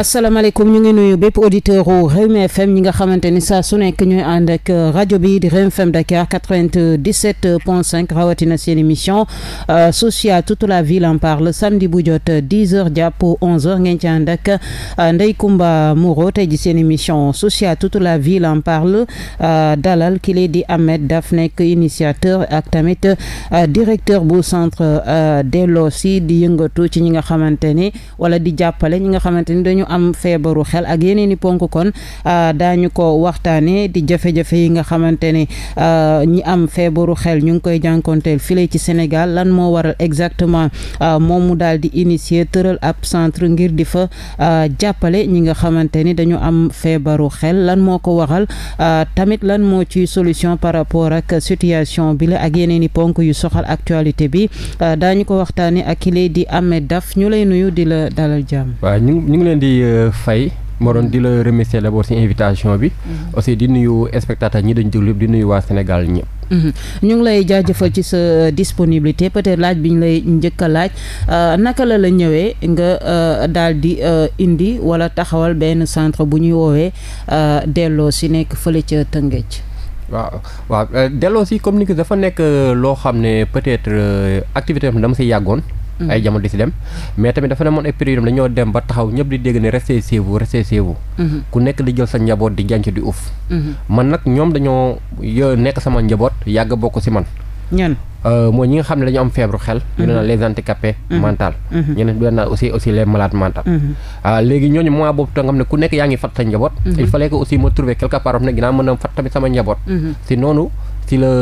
asalaamaaleykum ñu ngi nuyu bépp auditeur u Rewmi FM ñi nga xamante ni saa su nekk ñuy ànd ak euh, rajo bi di Rewmi FM Dakar quatre-vingt-dix-sept point cinq rawatina seen émission euh, sociale toute la ville en parle samedi bu jot dix heures jàpp onze heures ngeen ci ànd ak euh, Ndeye Comba tey ji seen émission sociale toute la ville en parle dalal kii di Ahmed Daf nekk initiateur ak tamit directeur bu centre Delossi di yëngatu ci ñi nga xamante ni wala di jàppale ñi nga xamante ni dañu am feebaru xel ak yeneen i ponk kon daañu ko waxtaanee di jafe-jafe yi nga xamante ne ñi am feebaru xel ñu ngi koy jànkonteel file ci Sénégal lan moo waral exactement moom mu daal di initier tëral ab centre ngir di fa jàppale ñi nga xamante ni dañu am feebaru xel lan moo ko waral tamit lan moo ci solution par rapport ak situation bi la ak yeneen i ponk yu soxal actualité bi daañu ko waxtaanee ak kile di Ahmed Daf ñu lay nuyu di la dalal jàmm. Ndiaye Faye moo doon di la remercier d'abord ci invitation bi. Mhm. aussi di nuyu spectateur ñi dañu déglu di nuyu waa Sénégal ñëpp. Mhm. ñu ngi lay jaajëfal ci sa disponibilité peut-être laaj bi ñu lay njëkk a laaj euh, naka la la ñëwee nga euh, daal di euh, indi walla taxawal benn centre bu ñuy woowee delloo si nekk fële ca Tëngéej. waaw waaw delloo si comme ni dafa nekk loo xam ne peut-être activité am dama si yàggoon. ay mm-hmm. jamono di si dem mais tamit dafa ne moon ay période dañoo dem ba taxaw ñëpp di dégg ne restez chez vous restez mm-hmm. ku nekk di jël sa njaboot di jànc di uuf mm-hmm. man nag ñoom dañoo yo nekk sama njaboot yàgg bokk si man ñan euh, mooy ñi nga xam ne dañu am feebru xel ñu ne naan les handicapés mental ñeneen bi naan aussi aussi les malades mentaux euh, léegi ñooñu mois boobu ta nga xam ne ku nekk yaa ngi fat sa njaboot il fallait que aussi ma trouver quelque part am ne sama njaboot si la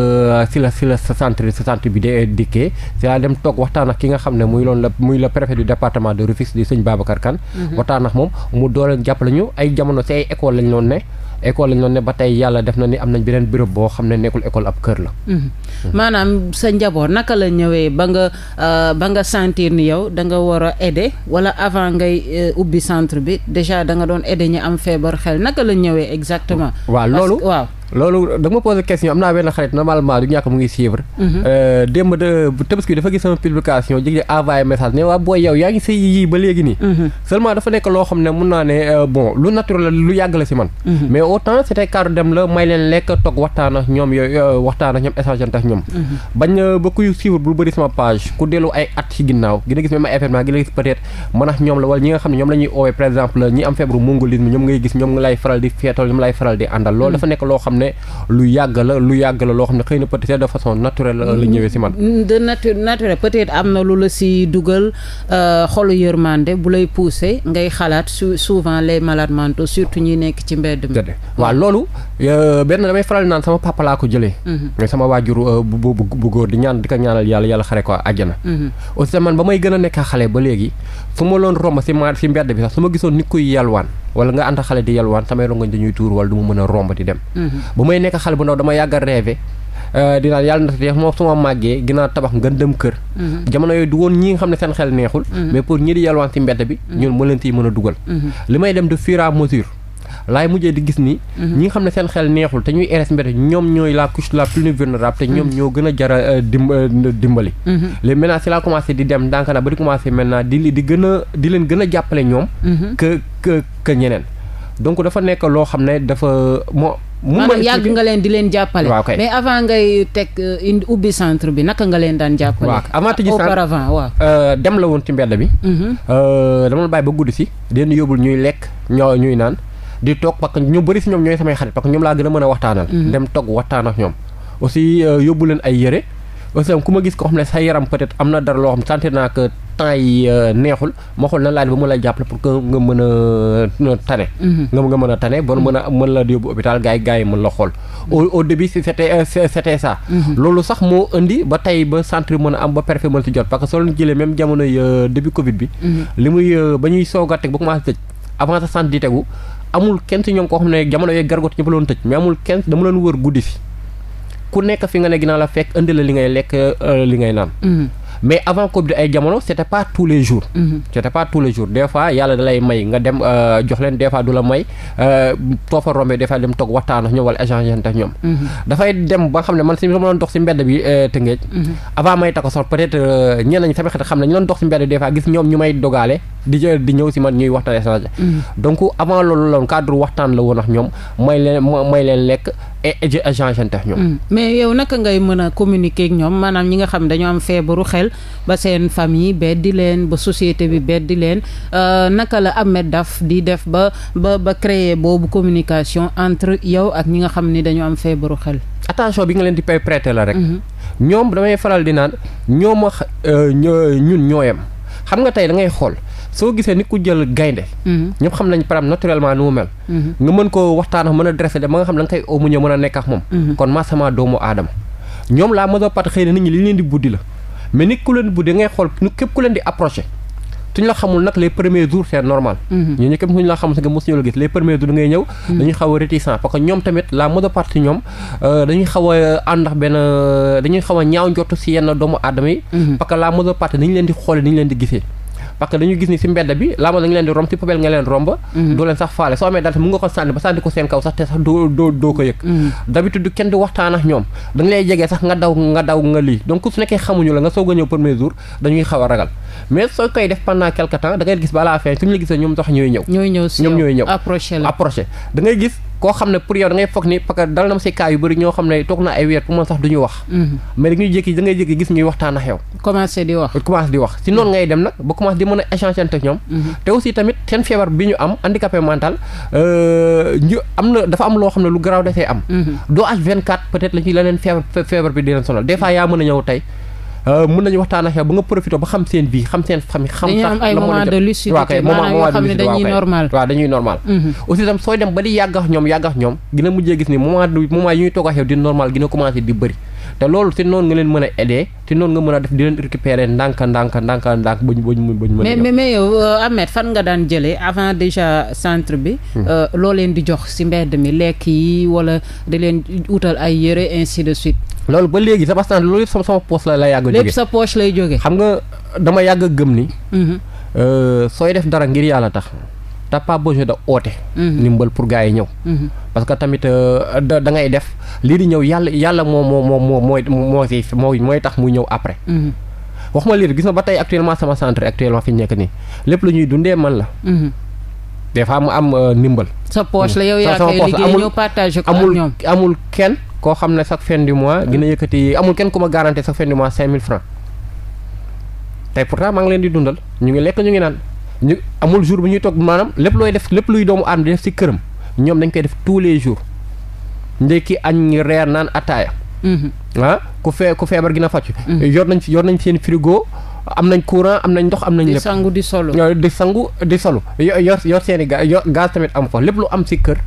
si la si la centre centre bi de dikkee si laa dem toog waxtaan ak ki nga xam ne muy loon la muy le préfet du département de Rufisque di sëñ Babacar Kane mhm. waxtaan ak moom mu doole jàppale ñu ay jamono si ay école lañ loon ne école lañ loon ne ba tey yàlla def na ni am nañ beneen béréb boo xam ne nekkul école ab kër la mhm. Mhm. maanaam sa njaboot naka la ñëwee ba nga euh, ba nga sentir ni yow da nga war a aider wala avant ngay euh, ubbi centre bi déjà da nga doon aider ñi am feebar xel naka la ñëwee exactement waaw loolu waaw loolu da nga ma posé question am naa benn xarit normalement du ñàkk mu ngi suivre. Mhm. Euh, démb de tabaski bi dafa gis sama publication jigéen envoyé message ne waa booy yow yaa ngi sëy yii ba léegi nii. Mhm. seulement dafa nekk loo xam ne mun naa ne euh, bon lu naturel la lu yàgg la si man. Mhm. mais autant c'était cadre dem la may leen lekk toog waxtaan ak ñoom yooyu euh, waxtaan ak ñoom échange ak ñoom. bañ ba kuy suivre bu bëri sama page ku dellu ay at ci ginnaaw gën a gis même ay événement gën a gis peut-être ñoom la di feetal ñoom lay faral loo xam xam ne lu yàgg la lu yàgg la loo xam ne xëy na peut-être de façon naturelle la ñëwee si man. de nature naturelle peut-être am na lu la si dugal euh, xolu yërmande bu lay pousser ngay xalaat su souvent les malades mentaux surtout ñuy nekk ci mbedd mi. waa loolu euh, benn damay faral naan sama papa laa ko jëlee. Mhm. sama waajur euh, bu bu bu góor di ñaan di ko ñaanal yàlla yàlla xare ko àjjana. Mhm. aussi man ba may gën a nekk xale ba léegi su ma loon romb si ma si mbedd bi sax su ma gisoon nit kuy yalwaan wala nga ànd xale di yalwaan samay rongoñ dañuy tuur wala du ma mën a romb di dem mhm. bu may nekk xale bu ndaw dama yàgg a rêvé euh, di naan yàlla na def moom suma màggee ginnaaw tabax nga dem kër mhm. jamono yooyu du woon ñi nga xam ne seen xel neexul mhm. mais pour ñi di yalwaan si mbedd bi ñun mu leen siy mën a dugal li may dem de fur et laay mujjee di gis ni. Mhm. ñi nga xam ne seen xel neexul te ñuy RS mbete ñoom ñooy la couche la plus vulnérable te mhm. ñoom ñoo gën a jara euh, euh, dimbali. Mhm. léegi maintenant si laa commencé di dem ndànk na ba di commencé maintenant di di gën a di leen gën a jàppale ñoom. que que que donc dafa nekk loo xam ne dafa moo. mu mën yàgg nga leen di leen jàppale. waaw mais avant ngay teg euh, indi ubbi centre bi naka nga leen daan jàppale. waaw avant tijji centre auparavant waaw. la woon ci mbedd bi. dama la bàyyi ba guddi si. di leen yóbbul ñuy lekk ñoo ñuy naan. di toog parce que ñu bëri ñoom laa gën a mën a waxtaanal. Mm-hmm. dem toog waxtaan ñoom. aussi euh, yóbbu ay yëre aussi ku ma gis ko xam ne sa yaram peut-être am na dara loo xam sentir naa que temps yi euh, neexul ma xool nan laa ba ma la jàppale pour que nga mën a euh, tane. Mm-hmm. nga nga mën a tane ba mën a mm-hmm. mën la yóbbu hôpital gars yi mën la xool. au au début c'était c'était ça. loolu sax moo indi ba tey ba centre mën a am ba préfet mën si jot parce soo leen jëlee même jamonoy début Covid bi. li muy sa centre amul kenn ci ñoom koo xam ne jamono yooyu gargot ñëpp loon tëj mais amul kenn dama leen wër guddi fi ku nekk fi nga ne ginnaaw la fekk indi la li ngay lekk euh, li ngay naan mm-hmm. mais avant Covid ay jamono c' était pas tous les jours. Mhm. c' était pas tous les jours des yàlla da may nga dem euh, jox leen des fois du la may euh, foo fa rombee des fois dem toog waxtaan ak ñoom wala échanger ak ñoom. Mhm. dafay dem ba xam ne man si sama doon dox si mbedd bi euh, Tëngéej. Mhm. avant may takk sax peut être ñenn sama xeet xam ne ñu doon dox si mbedd des fois gis ñoom ñu may dogaale di jël di ñëw si man ñuy waxtaan échanger. donc avant loolu la woon waxtaan la woon ak ñoom may leen may leen lekk. et échangeante ak ñoom. Mm. mais yow naka ngay mën a communiquer ak ñoom maanaam ñi nga xam dañoo am feebaru xel ba seen famille beddi leen ba société bi beddi leen euh, naka la Ahmed Daf di def ba ba ba créer boobu communication entre yow ak ñi nga xam ni dañoo am feebaru xel. attention bi nga leen di pay prêter la rek. Mm-hmm. ñoom damay faral di naan ñoom wax euh, ñun ñooyam xam nga tey da ngay xool. soo gisee ni ku jël gaynde mm-hmm. ñëpp xam nañ param naturellement ni mu mel mm-hmm. nga mën ko waxtaan ak mën a dressé de ma nga xam da nga koy aumuñë mën a nekk ak moom mm-hmm. kon maasama doomu aadama ñoom laa majeure partie nit ñi li leen di buddi la nit ku leen di buddi ngay xool képp ku leen di approché suñ la xamul nag les premiers jours a réticent parce que ñoom tamit la majeure partie ñoom euh, dañuy xaw a ànd ak xaw a ñaaw njort si yenn doomu aadama yi parce que leen di xoole ni leen di gisee parce que dañu gis ni si mbedd bi laa ma leen di romb si poubelle nga leen romb mhm. doo leen sax faale soo amee dal mun nga ko sànni ba sànni ko seen kaw sax te sax doo doo ko yëg mhm. d'habitude du kenn di waxtaan ñoom dañu lay sax nga daw nga daw nga lii donc su nekkee xamuñu la nga soog a ñëw premier jour dañuy xaw a ragal mais soo koy def pendant quelque temps da ngay gis balaa fin suñu la gisee ñoom sax ñooy ñëw ñoom ñooy ñëw approché da ngay gis koo xam ne pour yow da foog ni parce que dal na ma si cas yu bëri ñoo xam ne toog na ay weer pour du ñu wax mhm. mais da ngay jékki da ngay gis ñuy waxtaan ak yow commencé di wax commencé di wax si noon ngay dem nag ba commencé di mën a échanger ak mhm. te aussi tamit seen feebar bi ñu am handicapé mental euh, ñu am na dafa am loo xam ne lu garaaw dafay am mhm. doo H24 peut-être la ñuy leneen feebar feebar bi di leen sonal des fois yaa mën a ñëw tey Euh, mun nañu waxtaan ak yow ba nga profité ba xam seen vie xam seen famille xam sax la moo leen jot waaw kay moment de lucidité waaw dañuy normal mhm. aussi tam sooy dem ba di yàggax ñoom yàggax ñoom gën a mujjee gis ni moment moment yi ñuy toog ak di normal gën a commencé di bëri te loolu si noonu nga leen mën a aider si noonu nga mën a def di leen récupérer ndànk ndànk ndànk ndànk bañ bañ bañ mën a mais mais yow euh, Ahmed fan nga daan jëlee avant déjà centre bi hmm. euh, loo leen di jox si mbedd mi lekk yi wala di leen utal ay yëre ainsi de suite loolu ba léegi sa que loolu yëpp sama poche la yàgg a jóge sa poche lay jóge xam nga dama yàgg a gëm ni hmm. euh, sooy def dara ngir yàlla tax t'as pas besoin de oote. Mm-hmm. ndimbal pour gars yi ñëw. Mm-hmm. parce que tamit euh, da da ngay def lii di ñëw yàlla yàlla moo moo moo moo mooy moo moo mooy mooy tax muy ñëw après. Mm-hmm. wax ma lii gis na ba tey actuellement sama centre actuellement fi nekk nii lépp lu ñuy dundee man la. des fois mu am euh, ndimbal. sa poche la yow yaa koy liggéey ñëw partagé amul kenn koo xam ne chaque fin du mois gën a yëkkati amul kenn ku ma garanti chaque fin du mois 5000 francs tey pourtant maa ngi leen di dundal ñu ñu amul jour bu ñuy toog maanaam lépp looy def lépp luy doomu aadama di def ci këram ñoom dañ koy def tous les jours ndekki añ reer naan ataaya. Mm-hmm. ah ku fee ku feebar gi na fàcc. Mm-hmm. yor nañ yor nañ seen frigo am nañ courant am nañ ndox am nañ. lépp di sangu di solo. di sangu di solo yor yor seen i gaz tamit am fa lépp lu am si kër.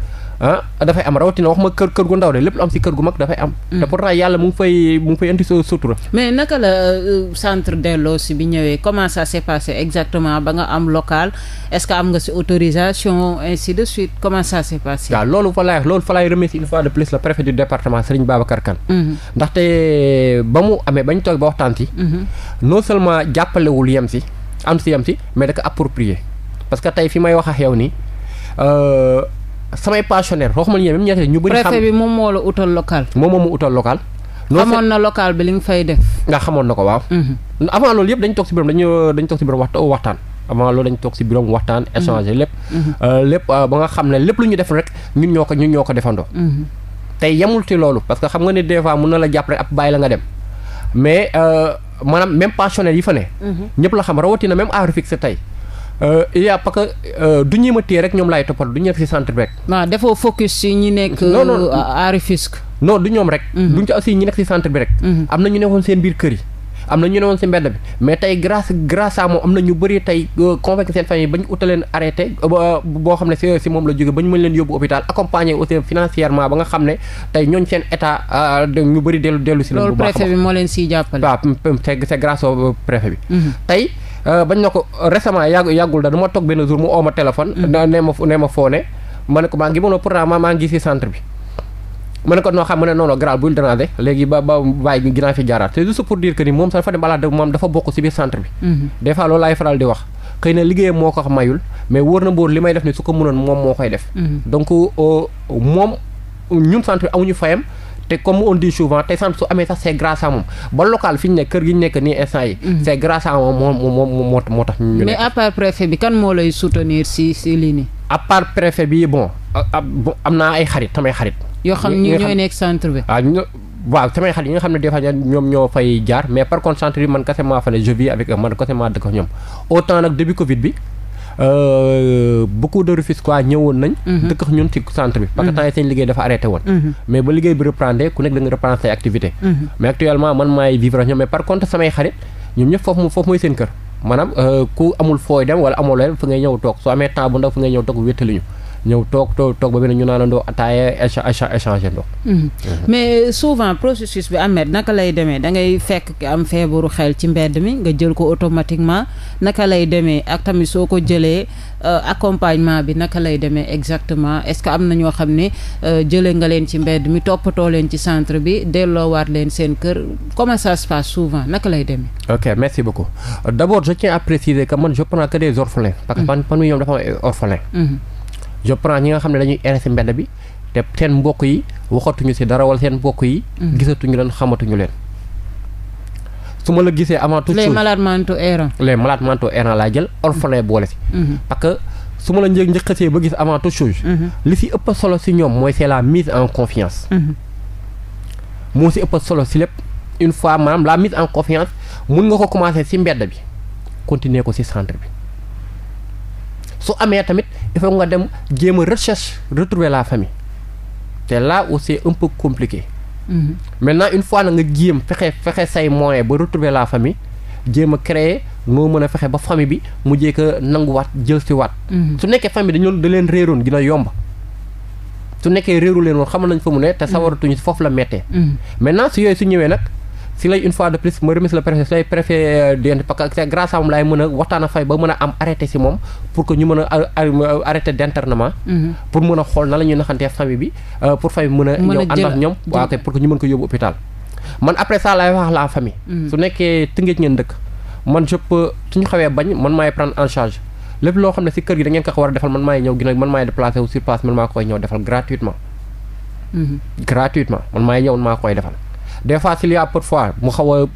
ah dafay am rawatina wax ma kër kër gu ndaw de lépp lu am si kër gu mag dafay am. Mm. te pourtant yàlla mu ngi fay mu ngi fay indi sa sutura. mais naka la euh, centre Delossi bi ñëwee comment ça s'est exactement ba nga am local est-ce que am nga si autorisation ainsi de suite comment ça s'est passé. waaw loolu fa laay loolu fa laay remercier une fois de plus le préfet du département Serigne Babacar Kane. Mm-hmm. ndaxte ba mu amee ba ñu toog ba waxtaan si. Mm-hmm. non seulement jàppalewul yem fi may wax samay pensionnaire waxuma ñu même ñaata ñu bëri xam préfet bi moom moo la utal local. moom moo ma utal local. xamoon na local bi li nga fay def. nga xamoon na ko waaw. Mhm. avant loolu yëpp dañ toog si biiram dañu dañ toog si biiram waxtaan. avant loolu dañ toog si biiram waxtaan. Mhm. échanger lépp. Mhm. Euh, lépp euh, ba nga xam ne lépp lu ñu def rek ñun ñoo ko ñu ñoo ko defandoo. tey yemul ci loolu parce que xam nga ne des fois mun na la jàpp rek ab bàyyi la nga dem mais euh, maanaam même pensionnaire yi fa ne. ñëpp la xam rawatina même Afrique tey Euh, il y a parce que euh, du ñuy ma téye rek ñoom laay toppatoo du ñu nekk si centre beeg. waaw defoo focus si ñi nekk. non non euh, à du ñoom rek. Mhm. duñ ci aussi ñi nekk si centre bi rek. Mhm. am na ñu nekkoon seen biir kër yi. am na ñu ne woon si bi mais tey grâce grâce à moom am na ñu bëri tey convaincre seen famille ba ñu uta leen arrêté boo xam ne moom la jóge ba ñu mën leen yóbbu hôpital accompagné aussi financièrement ba nga xam ne tey ñooñ seen état ñu bëri dellu dellu si la bu baax loolu préfet bi moo leen siy jàppale waaw c'est grâce au Euh, bañ na ko récemment yàgg yàggul da dama toog benn jour mu oo ma téléphone. Mm-hmm. nee ma nee ma foone ma ne ko maa ngi mënoo pourtant maa ngi si centre bi. ma ne ko noo xam ma ne non non garaal bul ba ba bàyyi gi ginaa fi jaaraat c'est juste pour dire que ni moom sax dafa dem balaa moom dafa bokk ci mm-hmm. wax. xëy na liggéeyam moo ko mayul mais wóor na mbóor li may def ni su ko mënoon moom moo koy def. Mm-hmm. donc euh, moom ñun centre bi amuñu fayam. te comme on dit souvent tey sam su amee sax c'est grâce à ba local fi ñu ne kër gi ñu nekk nii instant yi mhm. c'est grâce à moo moo moo tax ñu mais à part préfet bi kan moo lay soutenir si si lii nii à part préfet bi bon am naa ay xarit samay xarit yoo xam ni ñooy nekk centre bi ah, waaw samay xarit yi nga xam ne des ñoom ñoo fay jaar mais par contre centre bi man kese maa fa ne je vis avec man kese maa dëkk ñoom autant nag début Covid bi Euh, beaucoup de Rufisquois ñëwoon nañ. Mhm. dëkk ñun ci centre bi. parce que mhm. temps yi seen liggéey dafa arrêté woon. Mhm. mais ba liggéey bi reprendre ku nekk da nga reprendre say activité mais actuellement man maay vivre ak ñoom mais par contre samay xarit ñoom ñëpp foofu foofu mooy seen kër maanaam euh, ku amul fooy dem wala amoo leen fu ngay ñëw toog soo amee temps bu ndax fu ngay ñëw toog wéttali ñu. ñëw toog toog toog ba benn ñu naanandoo ataaya échanger ndox mhm. mhm. mais souvent processus bi Ahmed naka lay demee da ngay fekk ki am feebaru xel ci mbedd mi nga jël ko automatiquement naka lay demee ak tamit soo ko jëlee euh, accompagnement bi naka lay demee exactement est-ce que am na ñoo xam ne euh, jëlee nga leen ci mbedd mi toppatoo leen ci centre bi delloowaat leen seen kër comment ça se passe souvent naka lay demee. ok merci beaucoup d'abord je tiens à préciser que que des orphelins. parce que fan mhm. fan ñoom dafa am orphelin. je prends ñi nga xam ne dañuy erre si mbedd bi te seen mbokk yi waxatuñu si dara wala seen mbokk yi. Mm. gisatuñu leen xamatuñu leen. su ma la gisee avant tout les malades mentaux errants. les malades mentaux errants laa jël orphelin boole si. Mm-hmm. parce que su ma la njëkk njëkkasee ba gis avant toute chose. Mm-hmm. li si ëpp solo si ñoom mooy c'est la mise en confiance. Mm-hmm. moo si ëpp solo si lépp une fois maam la mise en confiance mun nga ko commencer si mbedd bi continuer ko si centre bi. su amee tamit il nga dem jéem a recherche retrouver la famille te là aussi c'est un peu compliqué mmh. maintenant une fois na nga jéem fexe fexe say moyen ba retrouver la famille jéem a créer moo mën a fexe ba famille bi mu jéeg a nanguwaat jël si waat mhm. su nekkee famille dañoo da leen réeroon dina yomb su nekkee réeru leen woon xamal nañ fa mu ne te mhm. sawaratuñu foofu la mettee mhm. maintenant su yooyu su ñëwee nag si lay une fois de plus ma remise le préfet si lay préfet euh, dent parce que c'est moom laay mën a waxtaan a fay ba mën a am arrêté si moom pour que ñu mën a euh, euh, arrêté d'internement mhm. pour mën a xool na la ñuy naxantee famille bi pour famille mën a ñëw ñoom waaw kay pour que ñu mën ko yóbbu hôpital man après ça laay wax la famille mhm. su nekkee tëngéej ngeen dëkk man je peux suñu xawee bañ man maay prendre en charge lépp loo xam ne si kër gi da ngeen ko war a defal man maay ñëw ginnaaw man maay déplacé wu sur place man maa koy ñëw defal mhm. man maay ñëw man maa koy defal des fois s'il y a mu xaw a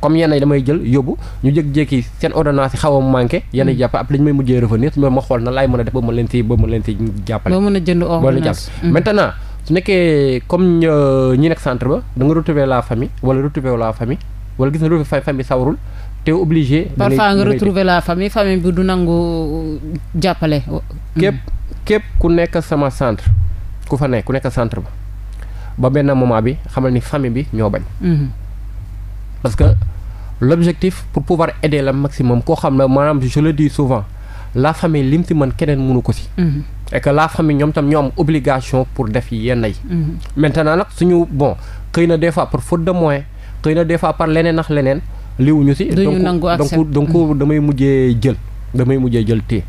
comme yenn yi damay jël yóbbu ñu jékki jekki seen ordonnance yi xaw a manqué yenn yi mm. jàpp après lañ ñu may mujjee revenir su ma xool na laay mën a def ba mën leen si ba mën leen si jàppale. ba mën a jënd ordonnance mm. maintenant su nekkee comme euh, ñi centre ba da nga retrouver la famille wala retrouver la famille wala gis na retrouver famille sawarul te obligé. parfois nga retrouver la famille famille du nangu jàppale. képp képp ku nekk sama centre ku fa nekk ku nekk centre ba. ba benn moment bi xamal ni famille bi ñoo bañ. Mhm. parce que l'objectif pour pouvoir aider le maximum koo xam ne maanaam je le dis souvent la famille lim si mën keneen mënu ko si. Mhm. et laa la famille ñoom tam ñoo am obligation pour def yenn yi. Mhm. maintenant nag suñu bon xëy na des fois par faute de moyen xëy na des fois par leneen ak leneen. liwuñu si donc donc damay mujjee jël damay mujjee jël téye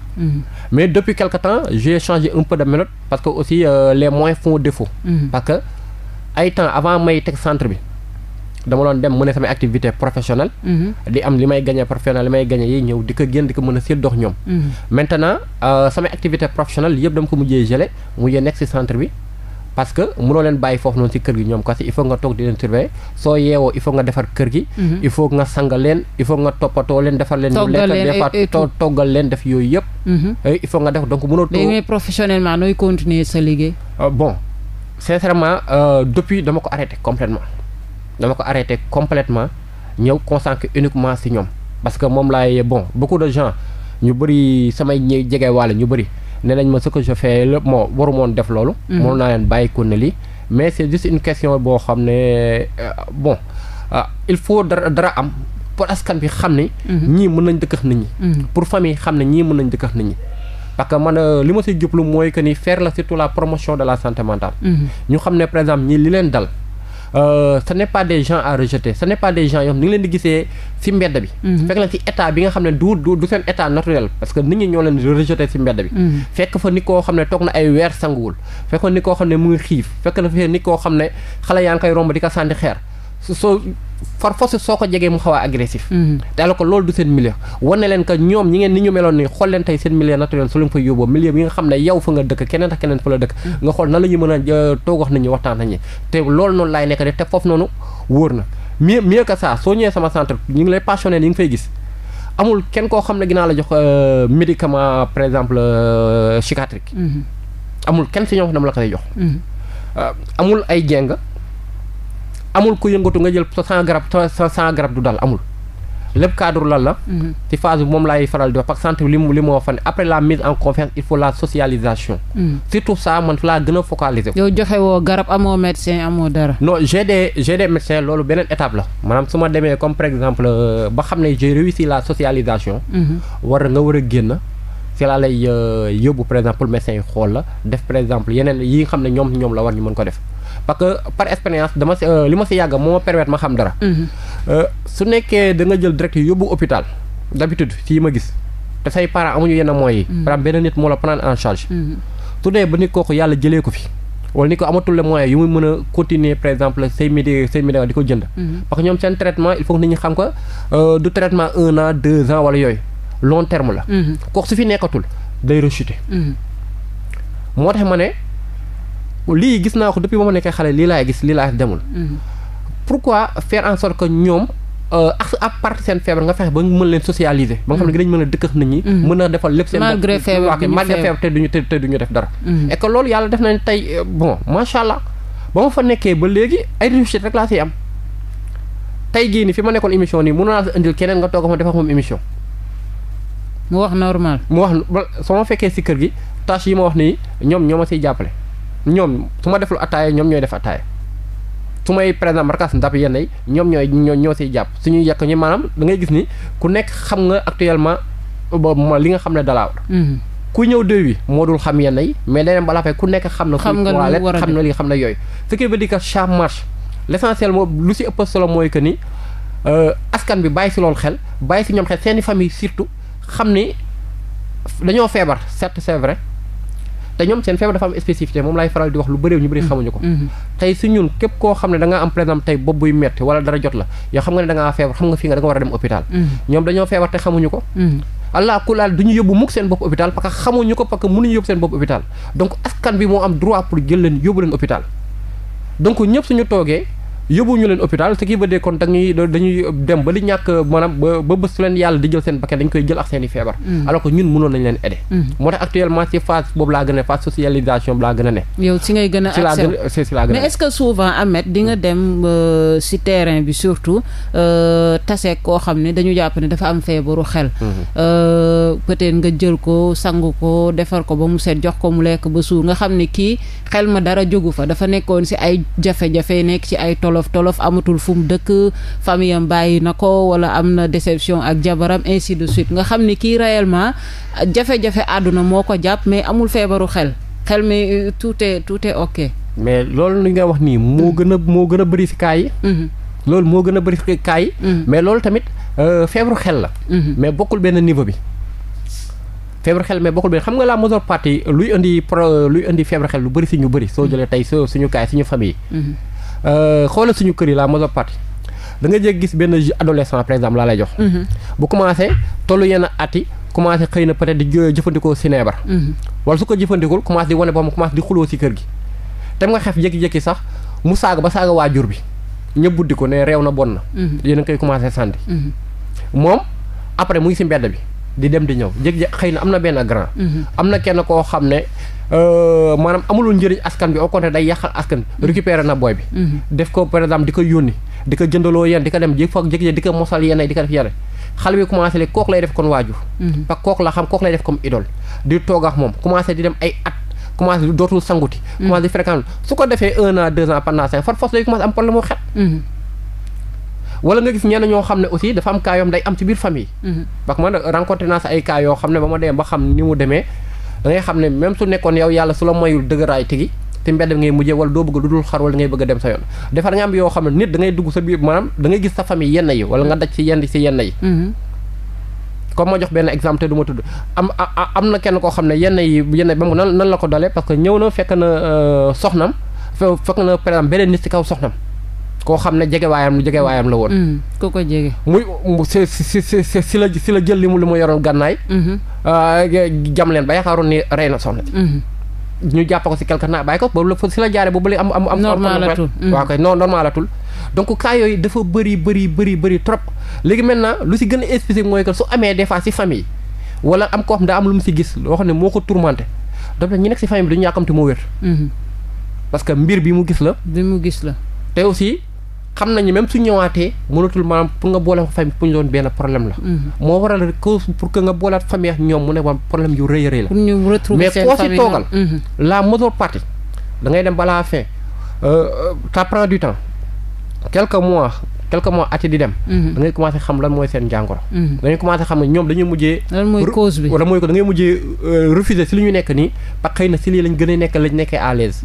mais depuis quelque temps j'ai changé un peu de méthode parce que aussi euh, les moyens font défaut. Mm -hmm. ay temps avant may teg centre bi dama doon dem mu ne samay activité professionnelle mhm. di am li may gagné professionnel li may gagné yiy ñëw di ko génn di ko mën a séddoo ak ñoom mhm. maintenant euh, samay activité professionnelle yëpp dama ko mujjee gelé mujjee nekk ci centre bi parce que mënoo leen bàyyi foofu noonu ci kër gi ñoom kasi il faut nga toog di leen surveiller soo yeewoo il faut nga defar kër gi mhm. il faut nga sangal leen il faut nga toppatoo leen defar leen ñu lekk des fois yooyu yëpp eh, il faut nga def donc mënoo mais professionnellement nooy continuer sa liggéey euh, bon sincèrement euh, depuis dama ko arrêté complètement dama ko arrêté complètement ñëw concentré uniquement si ñoom parce que moom laay bon beaucoup de gens ñu bëri samay ñi jege waale ñu bëri nee nañ ma ce que je fais lépp moo waru moon def loolu. mënoon mhm. naa leen bàyyi ko ne mais c' est juste une question boo xam ne euh, bon euh, il faut dara dara am pour askan bi xam ne. Mhm. ñii mën nañ dëkkax nit ñi. Mhm. pour famille xam ne ñii mën nañ dëkkax nit ñi. parce que man euh, li ma si jublu mooy que ni faire la surtout la promotion de la santé mhm. ñu xam ne par exemple ñi li leen dal. Euh, ce pas des gens à rejeter ce n'est pas des gens yoo ni leen di gisee ci mbedd bi mhm. fekk leen ci état bi nga xam ne du du seen état naturel parce que nit ñi ñoo leen rejeter ci mbedd bi mhm. fekk fa nit koo xam ne toog na ay weer sanguwul fekk fa nit koo xam ne mu ngi xiif fekk fa nit koo xam ne xale yaa ngi koy romb di ko sànni far force soo ko jegee mu xaw a agressif mhm. te alors loolu du seen milieu wane leen que ñoom ñi ngeen ni ñu meloon ni xool leen tey seen milieu naturel su leen fa yóbboo milieu bi nga xam ne yow fa nga dëkk keneen ak keneen fa la dëkk mhm. nga xool na ñu mën a euh, toogax nañu waxtaan nañu te loolu noonu laay nekk def te foofu noonu wóor na mieux mieux que ça soo ñëwee sama centre ñu ngi lay passionné yi nga fay gis amul kenn koo xam ne ginaa la jox euh, médicament par exemple euh, psychiatrique mhm. amul kenn si ñoo xam la koy jox amul ay jeng amul ku yëngatu nga jël cent garab cent garab du dal amul lépp cadre lan la mhm. ci moom laay faral di wax parce que santé li li moo fa ne après la en confiance il faut la socialisation mhm. surtout ça man fa laa gën a focaliser yow joxe woo garab amoo médecin amoo dara no j'ai des j'ai loolu beneen étape la maanaam su ma demee comme par exemple euh, ba xam ne j'ai réussi la socialisation mhm. war nga war a génn si laa lay euh, yóbbu par exemple médecin yi xool la def par exemple yeneen yi nga xam ne ñoom ñoom la war ñu mën ko def parce que par expérience dama si euh, li ma si yàgg moo ma permettre ma xam dara. Mhm. Euh, su nekkee da jël direct yóbbu hôpital d'habitude ci ma gis te say parents amuñu yenn moyens yi. Mhm. par exemple benn nit moo la prendre en charge. Mhm. su dee ba nit kooku yàlla jëlee ko fi. wala ni ko amatul les moyens yi muy mën a continuer par exemple say médi say médicaments di ko jënd parce que ñoom seen traitement il faut nit ñi xam ko euh, du traitement un deux ans wala yooyu long terme la kooku su fi nekkatul day rechuter moo tax ma ne lii gis naa ko depuis ba ma nekkee xale lii laay gis lii laay demul. Mm-hmm. pourquoi faire en sorte que ñoom euh, ak à part seen feebar nga fexe ba nga mën leen socialiser. ba nga xam ne mm-hmm. dinañ mën a dëkk ak mm-hmm. mën a defal lépp seen bopp malgré feebar te duñu te def dara. et loolu yàlla def nañ tey euh, bon macha allah ba ma fa nekkee ba léegi ay réussite rek laa siy am. tey jii nii fi ma nekkoon émission nii mun naa la indil keneen nga toog ma defal moom émission. mu wax normal. mu wax soo ma fekkee si kër gi tâche yi ma wax nii ñoom ñoo ma siy jàppale. ñoom su ma deful attaaya ñoom ñooy def attaaya su may par exemple rakas ndap yenn yi ñoom ñooy ñoo ñoo siy jàpp suñuy yàq ñi maanaam da ngay gis ni ku nekk xam nga actuellement ba li nga xam ne dalaa war mhm. ku ñëw déw bi moo dul xam yenn yi mais leneen balaa fay ku nekk xam na xam na li xam na yooyu ce qui veut dire que ça lu si ëpp solo mooy que ni euh, askan bi bàyyi si loolu xel bàyyi si ñoom xel seeni famille surtout xam ni dañoo feebar certes c'est te ñoom seen feebar dafa am spécificité moom laay faral di wax lu bëri ñu bëri mm. xamuñu ko mm-hmm. tey si ñun képp koo xam ne danga ngaa am par exemple tey bopp buy metti wala dara jot la yow xam nga ne da ngaa feebar xam nga fii nga da war a dem hôpital mm-hmm. ñoom dañoo feebar te xamuñu ko mm-hmm. allah kulaal du ñu yóbbu mukk seen bopp hôpital parce que xamuñu ko parce que mënuñu yóbbu seen bopp hôpital donc askan bi moo am droit pour jël leen yóbbu leen hôpital donc ñëpp toogee yóbbu ñu leen hôpital ce qui veut dire kon dañuy dañuy dem ba di ñàkk maanaam ba ba bés su leen yàlla di jël seen bakkan dañ koy jël ak seen i feebar mm. alors que ñun mënoon nañ leen aider mm. moo tax actuellement ci phase boobu laa gën a phase socialisation bi laa gën a ne yow si ngay gën a laa gën a mais est-ce que souvent nga mm. dem si euh, terrain bi surtout euh, taseeg koo xam ne dañu jàpp ne dafa am feebaru xel mm-hmm. euh, peut-être nga jël ko sangu ko defar ko ba mu set jox ko mu lekk ba suur nga xam ne kii xel ma dara jógu fa dafa nekkoon si ay jafe-jafe nekk ci ay tol tolof tolof amatul fu dëkk famille am bàyyi na ko wala am na déception ak jabaram ainsi de suite nga xam ni kii réellement jafe-jafe àdduna moo ko jàpp mais amul feebaru xel xel mais tout est tout est ok. mais loolu li nga wax nii moo gën a moo gën a bëri mm-hmm. loolu moo gën a bëri si cas mm-hmm. mais loolu tamit euh, feebaru xel la. Mm-hmm. mais bokkul benn niveau bi. feebar xel mais bokkul benn xam nga la majeure partie luy indi pro luy indi feebar xel lu bëri si ñu bëri soo jëlee tey soo suñu kaay ñu famille. Euh, xoolal suñu kër yi laa la mosopathie da nga jeg gis benn adolescent par exemple laa lay jox. Mhm. bu commencé tollu yenn at yi commencé xëy na peut-être di jëfandikoo si neebar. Mhm. wala su ko jëfandikul commencé di wane ba mu commencé di xuloo si kër gi. te nga xef jékki-jékki sax mu saaga ba saaga waajur bi ñëpp buddi ko ne réew na bon na. Mhm. yéen a koy commencé sànni. moom après mu ngi si mbedd bi. di dem di ñëw jékki-jékki xëy na am na benn grand. Mhm. am na kenn koo xam ne euh, maanaam amulul njëriñ askan bi au contraire day yàqal askan bi. Mhm. récupéré na booy bi. Mhm. def ko par exemple di ko yónni di ko jëndaloo yéen di ko dem jékki foog jékki-jékki di ko mosal yéen di ko def yéen xale bi commencé léegi kooku lay def kon waajur. parce que kooku la xam kooku lay def comme idole. di toog moom commencé di dem ay at. commencé dootul sanguti. commencé di fréquent su ko defee un an deux ans pendant cinq far force day commencé am mu xet. wala nga gis ñenn ñoo xam ne aussi dafa am cas yoom day am ci biir famille. Mhm. parce que man rencontré naa ay cas yoo xam ne ba ma demee ba xam ni mu demee da ngay xam ne même su nekkoon yow yàlla su la mayul dëgëraay tigi te mbedd ngay mujjee wala doo bëgg lu dul xar wala ngay bëgg a dem sa yoon defar nga am yoo xam ne nit da ngay dugg sa biir maanaam da ngay gis sa famille yenn yi wala nga daj si yenn si yi mhm. benn exemple te ma tudd am am na kenn koo xam ne yenn yenn ba mu nan nan la ko dalee parce que ñëw na fekk na euh, soxnam fekk na par exemple beneen nit si kaw soxnam koo xam ne jege waayam lu jege waayam la woon. Mm, ku ko jege. muy si si si si la si la jël li mu li mu yoroon gànnaay. Mm-hmm. Ah, jam leen ba yaakaaroon ni rey na soxna. Mm-hmm. ñu jàpp ko si quelque naa bàyyi ko la si ba lu a expliqué mooy que su amee des fois si famille wala am koo xam daa am lu mu si gis loo xam ne moo ko tourmenté donc ñi nekk si famille bi dañu yàkkamte moo wér. Mm-hmm. parce mbir bi mu gis la. bi mu gis la te aussi. xam nañu même su ñëwaatee mënatul maanaam pour nga boole famille pour ñu doon benn problème la. Mhm. moo waral rek cause pour que nga boolaat famille ñoom mu ne woon problème yu rëy a rëy la. pour ñu retrouver seen famille mais koo si toogal. Mhm. la majeure partie da dem balaa fin euh, euh, ça prend du temps quelques mois. di dem. Mhm. da ngay xam lan mooy seen jàngoro. da ngay commencé xam ne ñoom dañuy mujjee. lan mooy cause bi wala euh, refuser si li ñu nekk nii parce na si lii lañ gën a nekk lañ nekkee à l'aise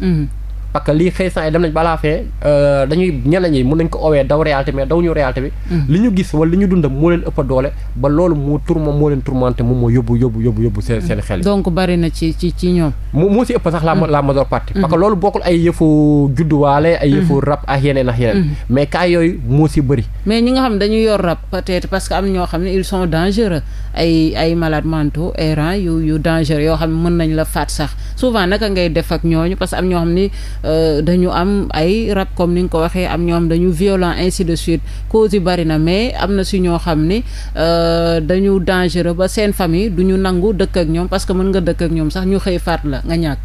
parce que lii xëy saa yi dem nañ balaa fee euh, dañuy ñeneen ñi mun nañ ko owee daw réalité mais daw ñu réalité bi mm. li ñu gis wala li ñu dundam moo leen ëpp doole ba loolu moo tourment moo leen tourmenté moo yóbbu yóbbu yóbbu yóbbu seen seen xel donc bari na ci ci ci ñoom mu moo si ëpp sax la mm. la majeure partie parce mm-hmm. loolu bokkul ay yëfu judduwaale ay mm-hmm. yëfu rab ak yeneen ak yeneen mm-hmm. mais cas yooyu moo si bëri mais ñi nga xam ne dañu yor rab peut-être que am ñoo xam ne ils sont dangereux ay ay malades mentaux yu yu yoo xam ne mën nañ la faat sax souvent naka ngay def ak ñooñu parce que am Euh, dañu am ay rab comme ni nga ko waxee am ñoom dañu violent ainsi de suite cause yu bari na mais am na si ñoo xam ne euh, dañu dangereux ba seen famille du ñu nangu dëkk ak ñoom parce que mën nga dëkk ak ñoom sax ñu xëy faat la nga ñàkk.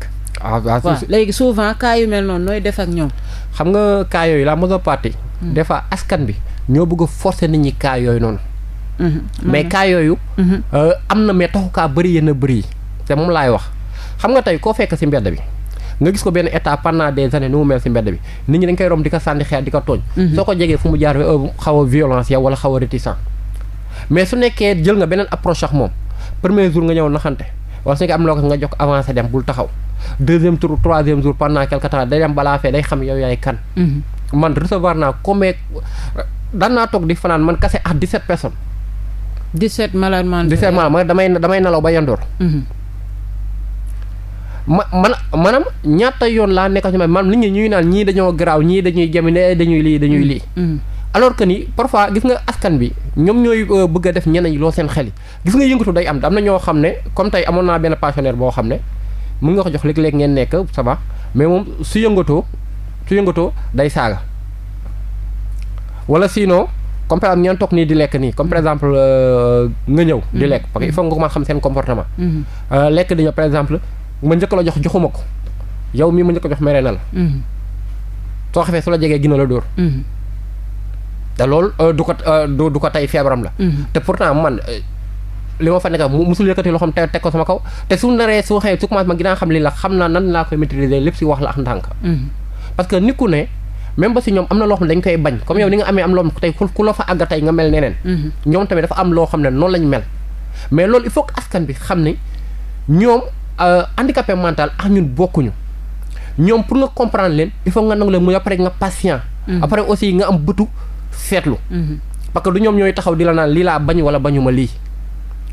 ah waaw léegi souvent cas yu mel noonu nooy def ak ñoom. xam nga cas yooyu la majeure partie. Hmm. des askan bi ñoo bëgg a nit ñi cas yooyu noonu. Hmm, mais cas yooyu. Hmm. Euh, am na mais taxu kaa bëri yenn bëri yi te moom laay wax xam nga tey koo fekk ci mbedd bi. nga gis ko benn état pendant des années ni mu mel si mbedd bi nit ñi dañ koy romb di ko sànni xeer di ko tooñ mhm. soo ko jegee fu mu jaar xaw a violence yow wala xaw a réticent mais su nekkee jël nga beneen approche sax moom premier jour nga ñëw naxante wala su nekkee am loo ko nga jox avancé dem bul taxaw deuxième tour troisième jour pendant quelque temps day dem balaa fee day xam yow yaay kan mhm. man recevoir naa comme daan naa toog di fanaan man kase ah 17 personnes 17 damay damay nalaw ba yandoor mhm. ma man maanaam ñaata yoon laa nekk ci maanaam nit ñi ñuy naan ñii dañoo garaaw ñii dañuy jamine dañuy lii dañuy mm. lii. Mm. alors que ni parfois gis nga askan bi ñoom ñooy euh, bëgg a def ñeneen ñi loo seen xel yi gis nga yëngatu day am am na ñoo xam ne comme tey amoon naa benn pensionnaire boo xam ne mën nga ko jox léeg-léeg ngeen nekk ça va mais moom su yëngatoo su yëngatoo day saaga wala sinon comme par exemple ñeen toog di lekk nii comme par mm. exemple euh, nga ñëw di lekk parce que il faut xam seen comportement euh, lekk dañoo par exemple ma njëkk la jox joxuma ko yow mii ma njëkk a jox mere na la. Mm-hmm. soo xafee su la jegee gina la dóor. Mm-hmm. te loolu euh, du ko euh, du du ko tey feebaram la. Mm-hmm. te pourtant man euh, li ma fa nekk mu musul yëkkati loxoom te teg ko sama kaw te su naree su waxee su commencé ma ginnaaw xam li la xam naa nan laa koy maîtriser lépp si wax la ak ndànk. parce que nit ku ne. même si ñoom am na loo xam ne dañ koy bañ comme yow ni nga amee am loo xam ne tey ku la fa àgg tey nga mel neneen ñoom tamit dafa am loo xam ne noonu lañ mel mais loolu il faut askan bi xam ni ñoom Euh, handicapé mantal ak ah, ñun bokkuñu ñoom pour nga comprendre leen il faut nga nangu leen muy après nga patient. Mm-hmm. après aussi nga am bëtu seetlu. Mm-hmm. parce que du ñoom ñooy taxaw di la naan lii laa bañ bañu ma lii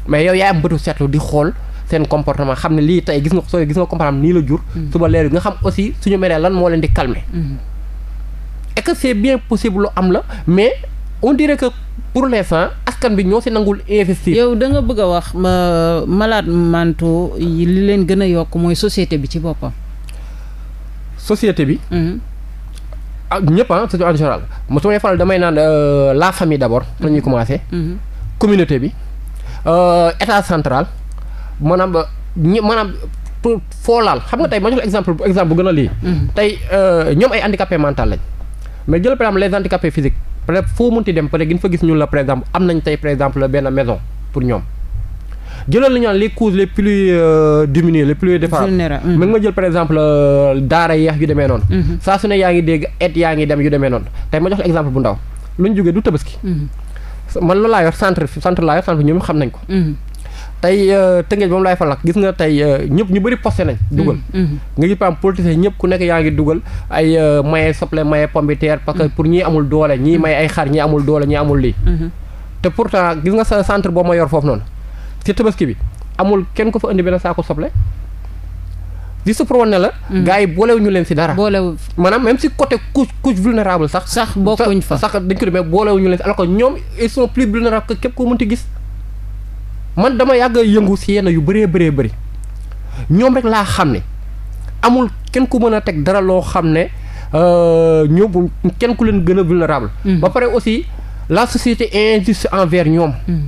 mais yow yaay am bëtu seetlu di xool. seen comportement xam ne lii tey gis nga sooy gis nga comportement nii la jur mm-hmm. suba leer nga xam aussi suñu meree lan moo leen di calmer et que bien possible lu am la mais on dirait que pour l'instant askan bi ñoo si nangul investir. yow da nga bëgg a wax ma malade mentaux li leen gën a yokk mooy société bi ci boppam. société bi. Mhm. ah ñëpp ah c'est en général ma su may faral damay naan euh, la famille d'abord. pour ñuy mhm. commencer. Mhm. communauté bi euh, état central maanaam ñi maanaam. pour foo laal xam nga tey ma jox la exemple exemple bu gën a lii. tey euh, ñoom ay handicapé mental lañ mais jël par exemple les handicapés physiques. peut être foo munti dem peut être gin fa gis ñun la par exemple am nañ tey par exemple benn maison pour ñoom jëlal li ñu naan les causes les plus euh, diminuées les plus défavorisées mi ngi ma jël par exemple euh, daara yeex yu demee noonu mm-hmm. saa su ne yaa ngi dégg et yaa ngi dem yu demee noonu tey ma jox la exemple bu ndaw lu ñu jógee du tabaski mm-hmm. man loolu laa yor centre centre laa yor centre ñoom xam nañ ko mm-hmm. tey euh, tëngeej moom laay fa lakk gis nga tey euh, ñëpp ñu bëri posté nañ mm, dugal mm. nga gis paam politicien ñëpp ku nekk yaa ngi dugal ay euh, maye soble maye pombiteer parce que mm. pour ñii amul doole ñii may ay xar ñii amul doole ñii amul lii mm-hmm. te pourtant gis nga sa centre boo ma yor foofu noonu ci tabaski bi amul kenn ko fa indi benn saako soble di su pour ne la. gaa yi boolewu ñu leen si dara. boolewu maanaam même si côté couche couche vulnérable sax. sax bokkuñ fa sax dañ ko demee boolewu ñu leen si alors que ñoom ils sont plus képp koo mënti gis. man dama yàgg yëngu si yenn yu bëree bëree bëri ñoom rek laa xam ne amul kenn ku mën a teg dara loo xam ne euh, ñoom kenn ku leen gën a vulnérable. Mm. ba pare aussi la société est injuste envers ñoom. Mm.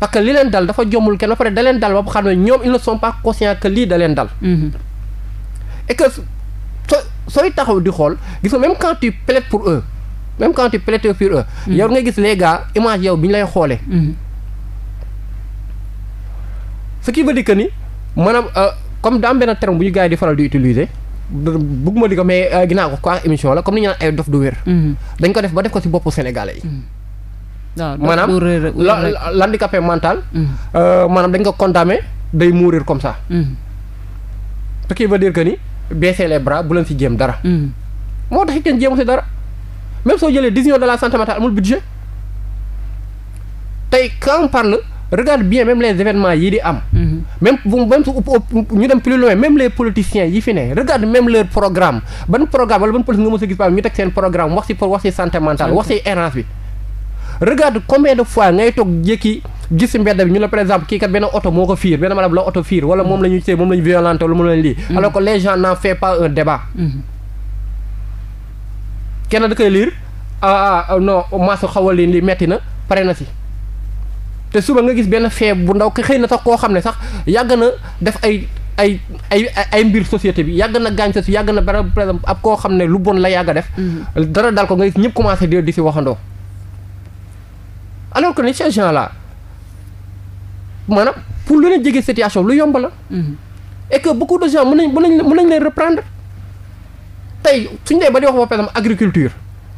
parce que li leen dal dafa jombul kenn ba pare da leen dal ba xam ne ñoom ils ne sont pas conscients que lii da leen dal. Mm-hmm. et que sooy taxaw di xool gis nga même quand tu pour eux même quand tu plaides pour eux. Mm. yow nga gis les gars image yow bi ñu lay xoolee. Mm-hmm. ce qui veut ni maanaam euh, comme daa am benn terme bu ñu gars di faral di utiliser bëgguma di ko mais euh, ginnaaw ko quoi émission la comme ni ñu ay dof du wér. Mhm. dañ ko def ba def ko ci boppu sénégalais yi. waaw mhm. maanaam l'handicapé mental. Mhm. Euh, maanaam dañ ko condamné day mourir comme ça. ce qui veut que ni baisser les bras bu leen ci jéem dara. moo tax kenn jéemu ci dara même soo jëlee décision de la santé mentale amul budget tey quand parle. regarde bien même les événements yi di am. Mm-hmm. même bu même su ñu dem plus loin même les politiciens yi fi ne regarde même leur programme ban programme wala ban politique nga mos a gis ba ñu teg seen programme wax ci pour wax ci santé mentale wax ci errance bi. regarde combien de fois ngay toog jékki gis ci mbedd bi ñu la par exemple kii kat benn oto moo ko fiir benn maanaam la oto fiir wala moom la ñu tee moom la ñu violente wala moom la ñu lii. Mm-hmm. alors que les gens n'en fait pas un débat. Mm-hmm. kenn da koy liir ah, ah, ah non maasu xaw a lii metti na pare na si. te suba nga gis benn fee bu ndaw xëy na sax koo xam ne sax yàgg na def ay ay ay ay mbir société bi yàgg na gaañ société yàgg na bara par exemple ab koo xam ne lu bon la yàgg def. Mm-hmm. dara dal ko nga gis ñëpp commencé di di si waxandoo. alors que ni ces gens là maanaam pour lu leen jege situation lu yomb la. Mm-hmm. et que beaucoup de gens mën nañ mun nañ mën nañ leen reprendre. tey suñ dee ba di wax ba par exemple agriculture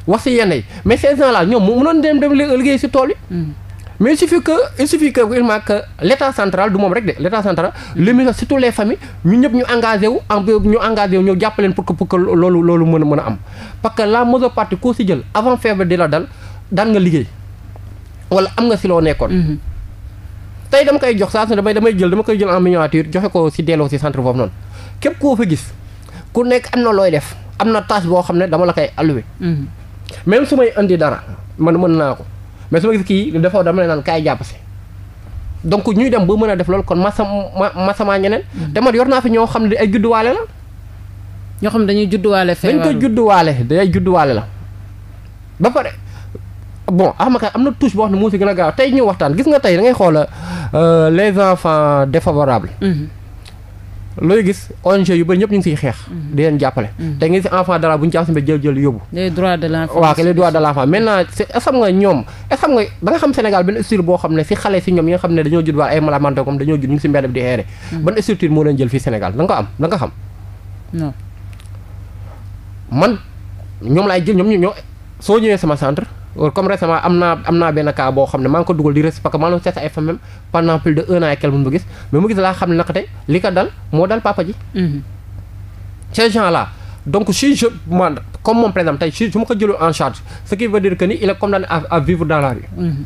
wax si yenn yi mais ces gens là ñoom mu mënoon dem dem liggéey si tool yi. Mm-hmm. mais il suffit que il suffit que vraiment que l' du moom rek de l' état central le ministre surtout les familles ñu ñëpp ñu engagé wu ñu engagé wu ñëw jàppaleen pour que pour que loolu loolu mën a mën a am parce que la majeure partie koo si jël avant feebar di la dal daan nga liggéey wala am nga si loo nekkoon mm-hmm. tey dama koy jox saa su damay damay jël dama koy jël en miniature joxe ko si delloo si centre boobu noonu képp koo fa gis ku nekk am na looy def am na tâche boo xam ne dama la koy alloué mm-hmm. même su may indi dara man mën naa ko mais su gis kii lu defoo dama ne naan kaay jàpp si donc ñuy dem ba mën a def loolu kon ma masamaa ñeneen mm-hmm. te man yor naa fi ñoo xam ne ay judduwaale la ñoo xam dañuy judduwaale feebar dañ ko judduwaale day judduwaale la ba pare bon axamaka ah, am na touche boo xam ne moo si gën a gaaw tey ñu waxtaan gis nga tey da ngay xoola euh, les enfants défavorables mm looy gis ONG yu bëri ñëpp ñu ngi siy xeex. Mhm. di leen jàppale. Mhm. te ngi si enfant dara bu ñu jàpp si jël jël yóbbu. les droits de l' de l' enfant maintenant est ce xam nga ñoom est nga ba xam Sénégal benn structure boo xam ne si xale si ñoom yi nga xam ne dañoo judd waa ay malamante comme dañoo judd ñu ngi si mbedd bi di xeere. Mhm. ban structure moo leen jël fii Sénégal da nga ko am da nga xam. non man ñoom laay jël ñoom ñoo soo ñëwee sama centre comme récemment am naa am naa benn cas boo xam ne maa ngi ko dugal di rëcc parce que maa ngi seet ay famille pendant plus de un an et quelques mu gis mais mu gis laa xam ne naka tey li ko dal moo dal papa ji. Mhm. ces gens là donc si je man comme moom par exemple tey si su ma ko jëlul en charge ce qui veut dire que ni il est condamné à à vivre dans la rue. Mhm.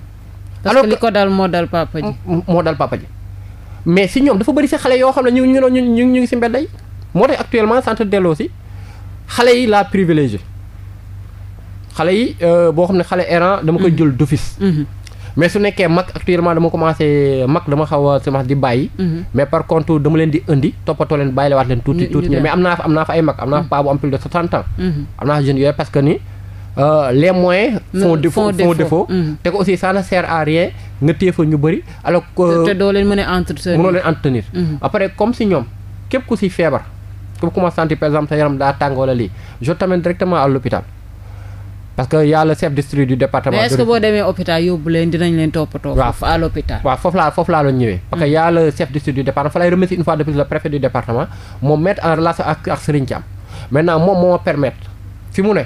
alors que li ko dal moo dal papa ji. Mm, mm, moo dal papa ji mais si ñoom dafa bëri si xale yoo xam ne ñu ngi ñu ngi ñu ngi si mbedd yi moo tax actuellement centre delloo si xale yi la privilégié. xale yi euh, boo xam ne xale errant dama koy mm-hmm. jël d'office mm-hmm. mais su nekkee mag actuellement dama commencé mag dama xaw a semence di bàyyi mm-hmm. mais par contre dama leen di indi toppatoo leen bàyyi la waat leen tuuti tuuti mais am naa fa am naa fa ay mag am naa fa paa bu de soixante ans am naa fa jeunes yooyu parce que ni euh, les moyens font défaut te ko aussi ça ne sert à rien nga téye fa ñu bëri alors que te doo leen mën ne entretenir mënoo leen entretenir après comme si ñoom képp ku si feebar képp ku ma santi par exemple sa yaram daa tàng wala lii je t'amène directement parce que y a le chef district du département. mais est-ce que boo demee hôpital yóbbu leen dinañ leen toppatoo. foofu à foofu laa foofu laa doon ñëwee. parce que mm. y a district du département fa lay remercier une fois de plus du département moom mettre en relation ak ak Serigne Thiam maintenant moom moo permettre fi mu ne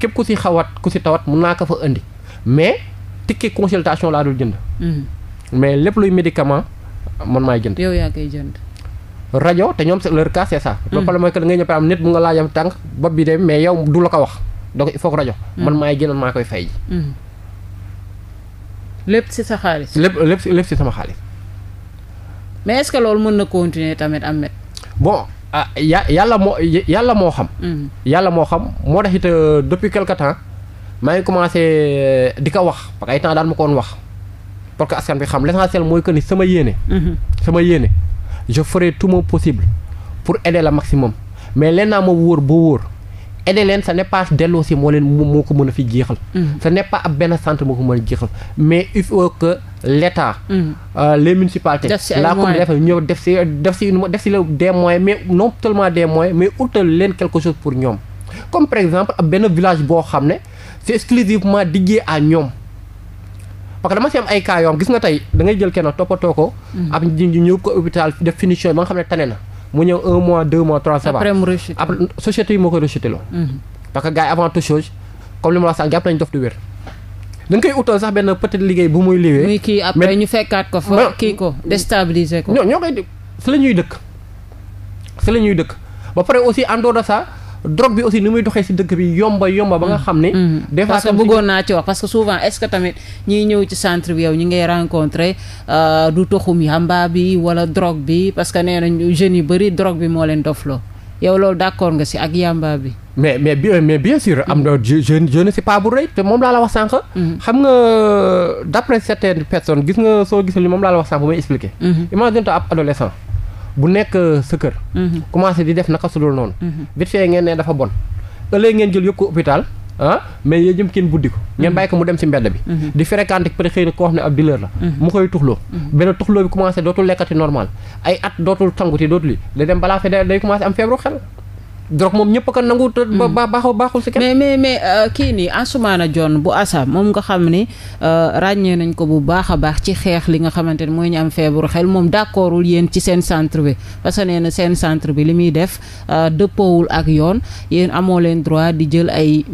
képp ku si xawat ku si tawat mun naa ko fa indi mais ticket consultation laa dul jënd. Mm. mais lépp luy médicament man maay jënd. yow yaa koy jënd. rajo te ñoom leur cas c'est ça. donc il faut rajo. Mm. man maay jëloon maa koy fay. Mm. lépp ci sa xaalis. lépp lépp ci sama xaalis. mais est-ce que loolu mën na continuer tamit Ameth. bon ah, ya yàlla moo yàlla moo xam. Mm. yàlla moo xam moo tax it euh, depuis quelque temps maa ngi commencé euh, di ko wax parce que ay temps daan ma ko wax parce que askan bi xam l'essentiel mooy que ni sama yéene. Mm-hmm. sama yéene je ferai tout mon possible pour aider le maximum mais lenn naa ma wóor boo wóor. aider leen ça n'est pas Delossi moo leen moo ko mën a fi jeexal. Mm. ça n'est ab benn sant moo ko mën a jeexal mais il faut que l'État. Mm. Euh, les municipalités. def la commune dafa ñëw def si def si def si la des mais non seulement des moyens mais utal leen quelque chose pour ñoom comme par exemple ab benn village boo xam ne c'est exclusivement dédié à ñoom. parce que dama si am ay cas yoo gis nga tey da ngay jël kenn toppatoo ko. Mm. ab ñu ko hôpital def finition ba nga xam ne tane na. mu ñëw un mois deux mois trois sabar après mu rechuté après société yi moo koy rechuté loo mm-hmm. parce avant toute chose comme li ma la wax sax jàpp nañu dof du wér da koy utal sax benn peut-être liggéey bu muy liwee muy kii après ñu fekkaat ko fa kii ko déstabiliser ko ñoo ñoo koy si la ñuy dëkk si la ñuy dëkk ba pare aussi en dehors de drogue bi aussi ni muy doxee si dëkk bi yomba yomba ba nga xam ne. Mm-hmm. des fois parce que bëggoon naa ci wax parce souvent est tamit ñiy ñëw ci centre bi yow ñi ngay rencontrer euh, du toxum yamba bi wala drogue bi parce que nee nañ jeunes yu bëri drogue bi moo leen dofloo yow loolu d'accord si ak yamba bi. mais mais bien mais bien sûr am na je je ne sais moom laa la wax sànq. Mm-hmm. xam nga d'après certaines personnes gis nga soo gisee li moom laa la wax sànq bu may expliquer. Mm-hmm. imagine ab adolescent. bu nekk sa kër. Mhm. commencé di def naka su dul noonu. Mhm. vite fait ngeen ne dafa bon ëllëg ngeen jël yóbbu ko hôpital ah mais jëm kenn buddi ko. Mhm. ngeen bàyyi ko mu dem si mbedd bi. di fréquenté peut être xëy na koo xam ne ab dealer la. mu koy tuxloo. benn tuxloo bi commencé dootul lekkati normal ay at dootul sanguti dootul li day dem balaa fee day commencé am feebaru xel. drogue moom ñëpp a ko nangu. ba hmm. baaxul baaxul si kenn. mais mais mais euh, kii nii Ansoumana Dione bu ASSA moom nga xam ne euh, ràññee nañ ko bu baax a baax ci xeex li nga xamante ne mooy ñu am feebaru xel moom d'accordul yéen ci seen centre bi parce que nee seen centre bi li muy def euh, dëppoowul ak yoon yéen amoo leen droit di jël ay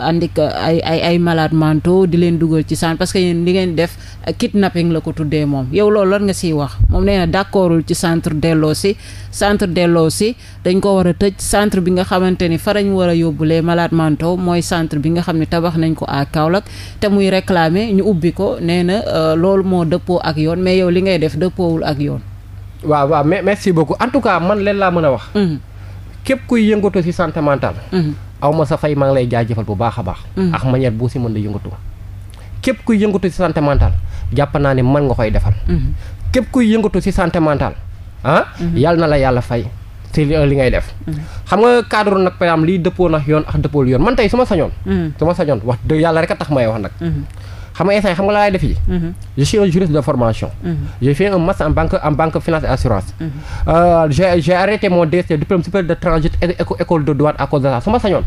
andik ay ay ay malades di leen dugal ci centre parce que yéen li ngeen def kidnapping la ko tuddee moom yow loolu lan nga siy wax moom nee na d'accordul ci centre delloo si. centre si dañ ko war a tëj centre bi nga xamante ni fa lañ war a yóbbu lee malades mentaux mooy centre bi nga xam ni tabax nañ ko à Kaolack te muy réclamer ñu ubbi ko nee na euh, loolu moo dëppoo ak yoon mais yow li ngay def dëppoowul ak yoon. waaw waaw merci beaucoup en tout cas man leen laa mën a wax. Mm-hmm. képp kuy yëngatu ci santé mm-hmm. ma sa fay maa lay jaajëfal bu baax a baax. Mm-hmm. ak manière bu si mën di yëngatu. képp kuy yëngatu ci santé mentale jàpp naa ne mën nga koy defal. képp kuy yëngatu ci santé ah mhm. yàlla na la yàlla fay si li ngay def mhm. xam nga cadre nag par exemple liy dëppoo nag yoon ak dëppool yoon man tey su ma sañoon mhm. su ma sañoon wax dëgg yàlla rek a tax may wax nag xam nga instant xam nga la def yi je suis un juriste de formation j'ai fait un master en banque en banque finance assurance euh, j'ai j'ai arrêté mon DST de transit et école de douane à cause de ça su ma sañoon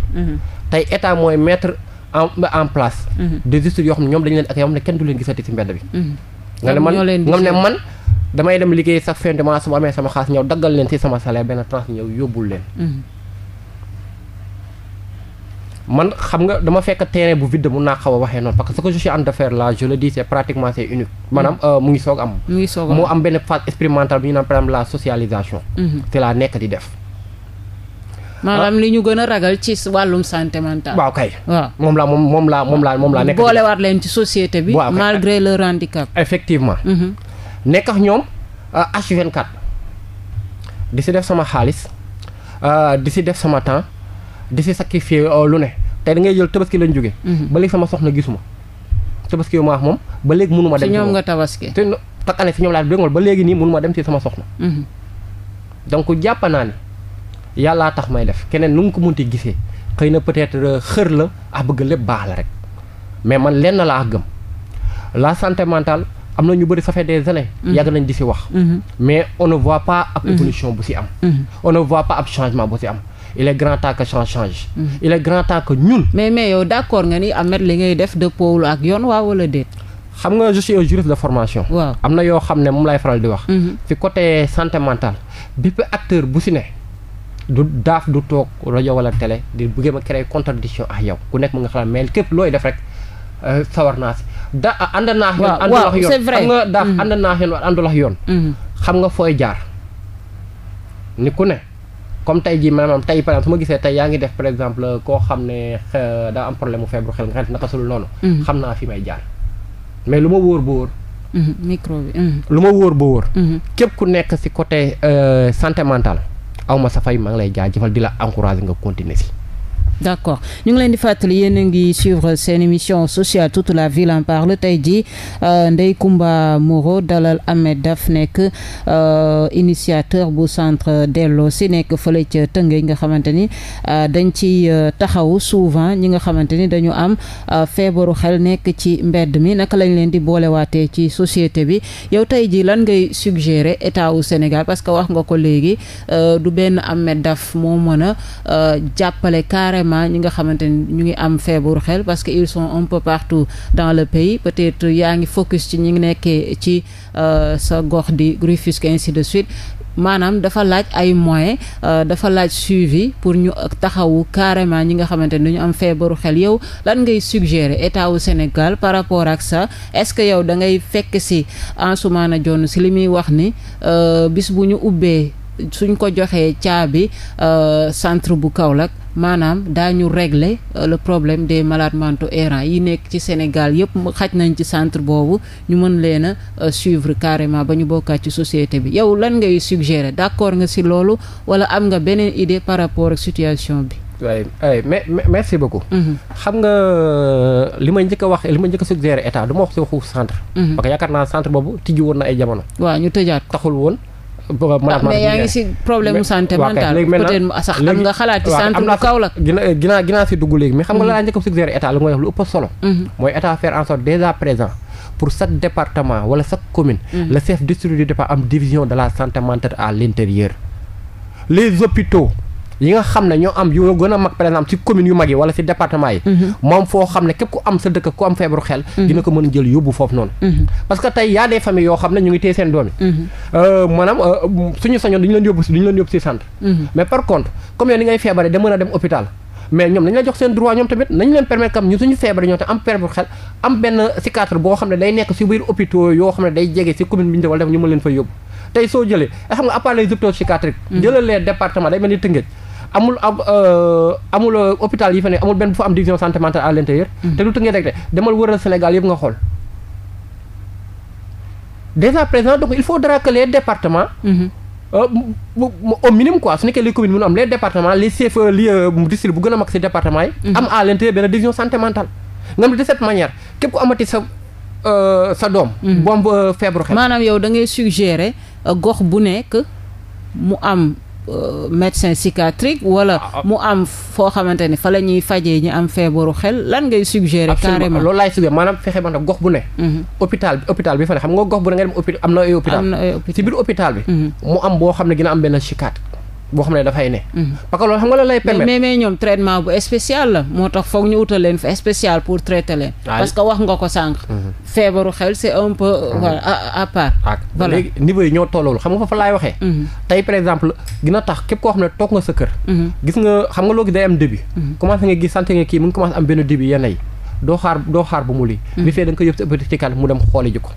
tey état mooy mettre en place des études yoo xam ne ñoom dañu leen ak yoo xam ne kenn du man ne damay dem liggéey sax fin de mois su ma amee sama xaas ñëw daggal leen ci sama salaire benn tranche ñëw yóbbul leen. Mm-hmm. man xam nga dama fekk tere bu vide mun naa xaw a waxee noonu parce que ce que je suis en train de faire là je le dis c'est pratiquement c'est unique. maanaam mm-hmm. euh, mu ngi soog am. mu am moo am benn phase expérimentale bi ñu naan par exemple la socialisation. Mm-hmm. te laa nekk di def. maanaam ah. li ñu gën a ragal ci wàllum santé mentale. waaw kay waaw moom laa moom moom laa moom laa moom laa boolewaat leen ci société bi. malgré leur handicap. effectivement. nekk ak ñoom euh, H24 di si def sama xaalis euh, di si def sama temps di si sacrifier euh, lu ne te da ngay jël tabaski lañ jóge mhm. ba léegi sama soxna gisuma tabaski yu ma wax moom ba léegi mënuma dem ci ñoom nga tabaski te takk année si ñoom laa déngool ba léegi nii mënuma dem si sama soxna mhm. donc jàpp naa yàlla yàllaa tax may def keneen nu nga ko munti gisee xëy na peut-être xër la a ah, bëgg lépp baax la rek mais man lenn laa gëm la santé am na ñu bëri ça fait des années. Mm-hmm. yàgg nañ di si wax. Mm-hmm. mais on ne voit pas ab mm-hmm. évolution bu si am. on ne voit pas ab changement bu si am. il est grand temps que change change. il grand temps que ñun. mais mais yow d' accord nga ni Ameth li ngay def dëppoowul ak yoon waa wala déet. xam nga je suis un de formation. am na yoo xam ne moom lay faral di wax. ci côté santé mentale bépp acteur bu si ne. du daaf du toog rajo wala télé di buggee ma créer contradiction ak yow ku nekk mu nga xam mais képp looy def rek euh, da ànd naa xel àndul ak yoon c'est vrai xam mm-hmm. naa xel àndul yoon mm-hmm. xam nga fooy jaar ni ku ne comme tey jii maanaam tey par exemple su ma gisee tey yaa ngi def par exemple euh, koo xam ne euh, daa am problème mu feebru xel nga xam naka sul noonu mm-hmm. xam naa fi may jaar mais lu ma wóor ba wóor lu ma wóor ba wóor képp ku nekk si côté euh, santé mentale aw ma sa fay maa ngi lay jaajëfal di la encourager nga continuer si d'accord ñu ngi leen di fàttali yéen a ngi suivre seen émission sociale toute la ville en parle tey jii euh, Ndeye Comba Moreau dalal Ahmed Daf nekk euh, initiateur bu centre delloo si nekk fële ca Tëngéej nga xamante ni euh, dañ ci taxaw souvent ñi nga xamante ni dañu am feebaru xel nekk ci mbedd mi naka lañ leen di boolewaatee ci société bi yow tey jii lan ngay suggérer état wu Sénégal parce que wax nga ko léegi du benn Ahmed Daf moo mën jàppale carrément également ñi nga xamante ni ñu ngi am feebaru xel parce que ils sont un peu partout dans le pays peut-être yaa ngi focus ci ñi ngi nekkee ci euh, sa gox di Rufisque ainsi de suite maanaam dafa laaj ay moyens euh, dafa laaj suivi pour ñu taxawu carrément ñi nga xamante ni dañu am feebaru xel yow lan ngay suggérer état wu Sénégal par rapport ak ça est-ce que yow da ngay fekk si a jonn si li muy wax ni euh, bis bu ñu ubbee. suñ ko joxee caabi euh, centre bu Kaolack maanaam daañu régle euh, le problème des malades mentaux errants yi nekk ci Sénégal yëpp xaj nañ ci centre boobu ñu mën leen a euh, suivre carrément ba ñu bokkaat ci société bi yow lan ngay suggérer d'accord nga si loolu wala am nga beneen idée par rapport ak situation bi. waaye ay mais merci beaucoup. Mhm. xam nga li ma njëkk a wax li ma njëkk a suggérer état du ma wax si waxu centre. Mhm. parce que naa centre boobu tijji woon na ay jamono. ñu tëjaat taxul woon. mais yaa ngi si problème mu santé mentale sax am nga xalaat ci santé bu kaw la ginaa ginaa si dugg léegi mais xam nga mhm. la laa njëkk a suggéré état lu nga wax lu ëpp solo mhm. mooy état faire en sorte dès à présent pour chaque département wala chaque commune mhm. le chef district du départ am division de la santé mentale à l'intérieur les hôpitaux yi nga xam ne ñoo am yu gën a mag par exemple ci commune yu mag yi wala ci département yi mhm. moom foo xam ne képp ku am sa dëkk ku am feebaru xel mhm. dina ko mën a jël yóbbu foofu noonu mhm. parce que tey yaa des familles yoo xam ne ñu ngi téye seen doom yi euh, maanaam euh, suñu sañoon duñu leen yóbbu duñu leen yóbbu ci centre mais par contre comme yow ni ngay feebaree da mën a dem hôpital mais ñoom nañ la jox seen droit ñoom tamit nañ leen permettre kam ñu suñu feebaree ñoo te xam ne day nekk ci biir yoo xam ne day jege ci commune bi ñu wala def ñu mën leen fa yóbbu amul ab euh, amul euh, hôpital yi fa ne amul benn bu fa am division santé mentale à l'intérieur mm. te lu Tëngéej demal wëral Sénégal yëpp nga xool déjà présent donc il faudra que les départements mm-hmm. Euh, au minimum quoi su les am les euh, bu gën a mag ci département yi mm-hmm. am à l'intérieur benn division santé mentale nga xam de cette manière képp ku amati sa sa doom mm-hmm. bomb feebaru xel maanaam yow dangay ngay suggérer gox bu nekk mu am Euh, médecin psychiatrique wala ah, ah. mu am foo xamante ni fa la ñuy fajee ñu am feebaru xel lan ngay suggérer carrément loolu laay suggérer maanaam fexe ba gox bu ne mhm. hôpital bi hôpital bi fa ne xam nga gox bu ne nga dem am na ay hôpital si biir hôpital bi mhm. mu am boo xam ne dina am benn psychiatre boo xam ne dafay ne. Mm. parce que xam nga la lay permettre. mais mais ñoom traitement bu spécial la moo tax foog ñu utal leen fa spécial pour traiter leen. Ah, parce que wax nga ko sànq. Mm-hmm. feebaru xel c'est un peu. Mm-hmm. voilà à part. Ah, voilà léegi niveau yi ñoo tolloolu xam nga fa laay waxee. Mm-hmm. tey par exemple dina tax képp koo xam ne toog nga sa kër. gis nga xam nga loo gis day am début. commencé nga gis sant nga kii mu ngi commencé am benn début yenn yi doo xaar doo xaar bu mu lii. bi fee da nga koy mu dem xooli ji ko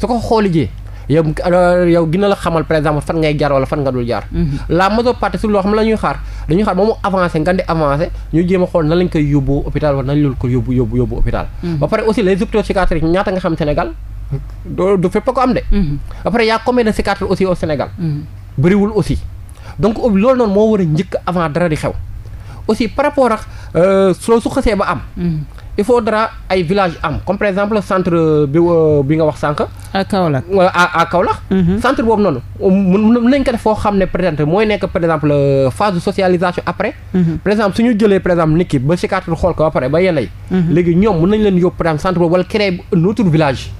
su ko xooli jee yow yow la xamal par exemple fan ngay jaar wala fan nga dul jaar mhm. la majeure partie sur loo xam la ñuy xaar dañuy xaar ba mu avancé nga di avancé ñu jéem a xool nan lañ koy yóbbu hôpital wala nañ lul ko yóbbu yóbbu hôpital mhm. ba pare aussi les hôpitaux psychiatriques a mhm. combien de psychiatres aussi au Sénégal bëriwul aussi donc loolu noonu moo war a njëkk avant dara di xew aussi par rapport ak euh, soo su xasee ba am il faudra ay village am comme par exemple centre bi euh, bi nga wax sànq. à Kaolack à à mhm. centre boobu noonu um, mun nañ ko foo xam ne peut être mooy nekk par exemple euh, phase de socialisation après. Mhm. par exemple su ñu jëlee par exemple nit ki ba cicatrice xool ko ba pare ba yenn yi. Mhm. léegi ñoom mun nañ leen yóbbu par exemple centre boobu wala créer un autre village.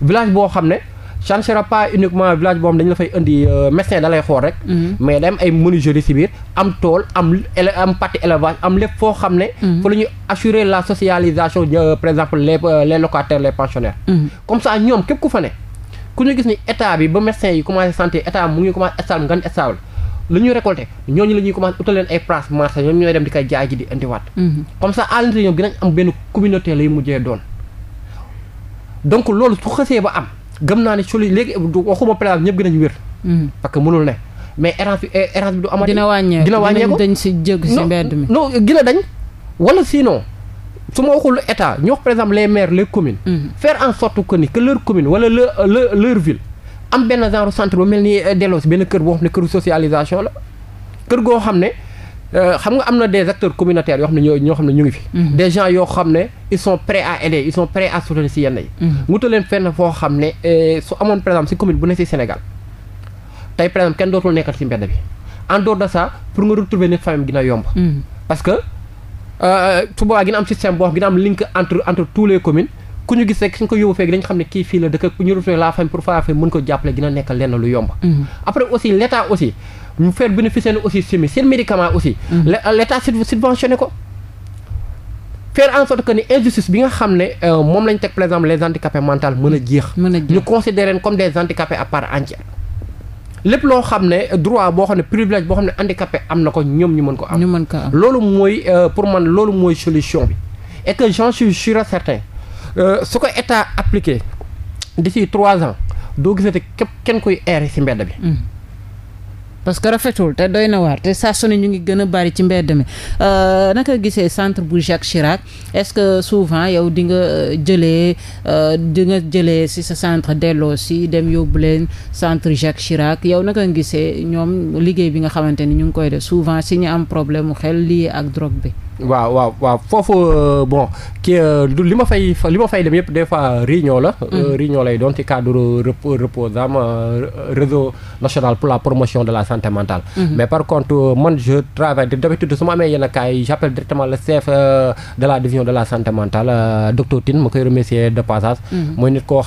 village boo xam ne. ça ne sera pas uniquement village boo xam dañu la indi euh, médecin da lay xool rek. Mm-hmm. mais day am ay menuiserie ci biir am tool am am partie am lépp foo xam ne. Mm-hmm. fa la ñuy assurer la socialisation euh, par exemple les euh, les locataires les pensionnaires. Mm-hmm. comme ça ñoom képp ku fa ne ku ñu gis ni état bi ba médecin yi commencé santé état mu ngi commencé stable nga ni stable lu ñuy récolté ñooñu la ñuy commencé utal leen ay place marché ñoom ñooy dem di koy jaay ji di indiwaat. comme ça à l'intérieur ñoom dinañ am benn lay mujjee doon donc loolu ba am. gëm naa ne solu léegi waxuma par exemple ñëpp gën nañu wér hmm. parce que mënul ne mais errance bi eh, errance bi du amati dina wàññeeku dina wàññeeku dañ si jëg si mi non gina dañ wala sinon su ma waxul état ñu wax par exemple les maires les communes hmm. faire en sorte que ni que leur commune wala leur leur ville am benn genre centre ba mel ni eh, delloo si benn kër boo xam ne kër socialisation la kër goo xam ne Euh, xam nga am na des acteurs communautaires yoo xam ne ñoo ñoo xam ne ñu ngi fi. Mhm. des gens yoo xam ne ils sont prêts à aider ils sont prêts à soutenir si yenn yi. Mhm. wutaleen fenn foo xam ne euh, su amoon par exemple si commune bu ne si Sénégal tey par exemple kenn dootul nekkal si mbedd bi en dehors de ça pour nga retrouver nit famille dina yomb. Mhm. parce que euh, su boobaa dina am système boo xam dina am link entre entre tous les communes. ku ñu gis rek suñ ko yóbbu feeg dañ xam ne kii fii la dëkk ku ñu retrouver la famille pour faa fee mën ko jàppale dina nekkal lenn lu yomb. après aussi l' état aussi. ñu faire bénéficier aussi simi seen médicament aussi mm-hmm. l' état subventionné ko faire en sorte que ni injustice bi nga xam ne euh, moom lañ teg par exemple les handicapés mentaux mën a jeex ñu considéré comme de handicapés à part entière lépp loo xam ne droit boo xam ne privilège boo xam ne handicapé am na ko ñoom ñu mën ko am loolu mooy euh, pour man loolu mooy solution bi et que j'en suis sûr et certain euh, su ko état appliqué d'ici trois ans doo gisati képp kenn koy air si mbedd bi mm-hmm. parce que rafetul te doy na waar te saa ñu ngi gën a bari ci mbedd mi euh, naka gisee centre bu Jacques Chirac est-ce que souvent yow di nga euh, jëlee euh, di nga jëlee si sa centre delloo si dem yóbbu leen centre Jacques Chirac yow naka gisee ñoom liggéey bi nga xamante ni ñu ngi koy def souvent si ñu am problème mu xel lii ak drogue bi. waaw waaw waaw foofu euh, bon ki euh, du li ma fay li ma fay dem yëpp des fois réunion la. Mm. Euh, réunion lay doon ci cadre reposam réseau national pour la promotion de la santé mm-hmm. mais par contre man je travaille d'habitude su ma amee yenn de la division de la santé ma koy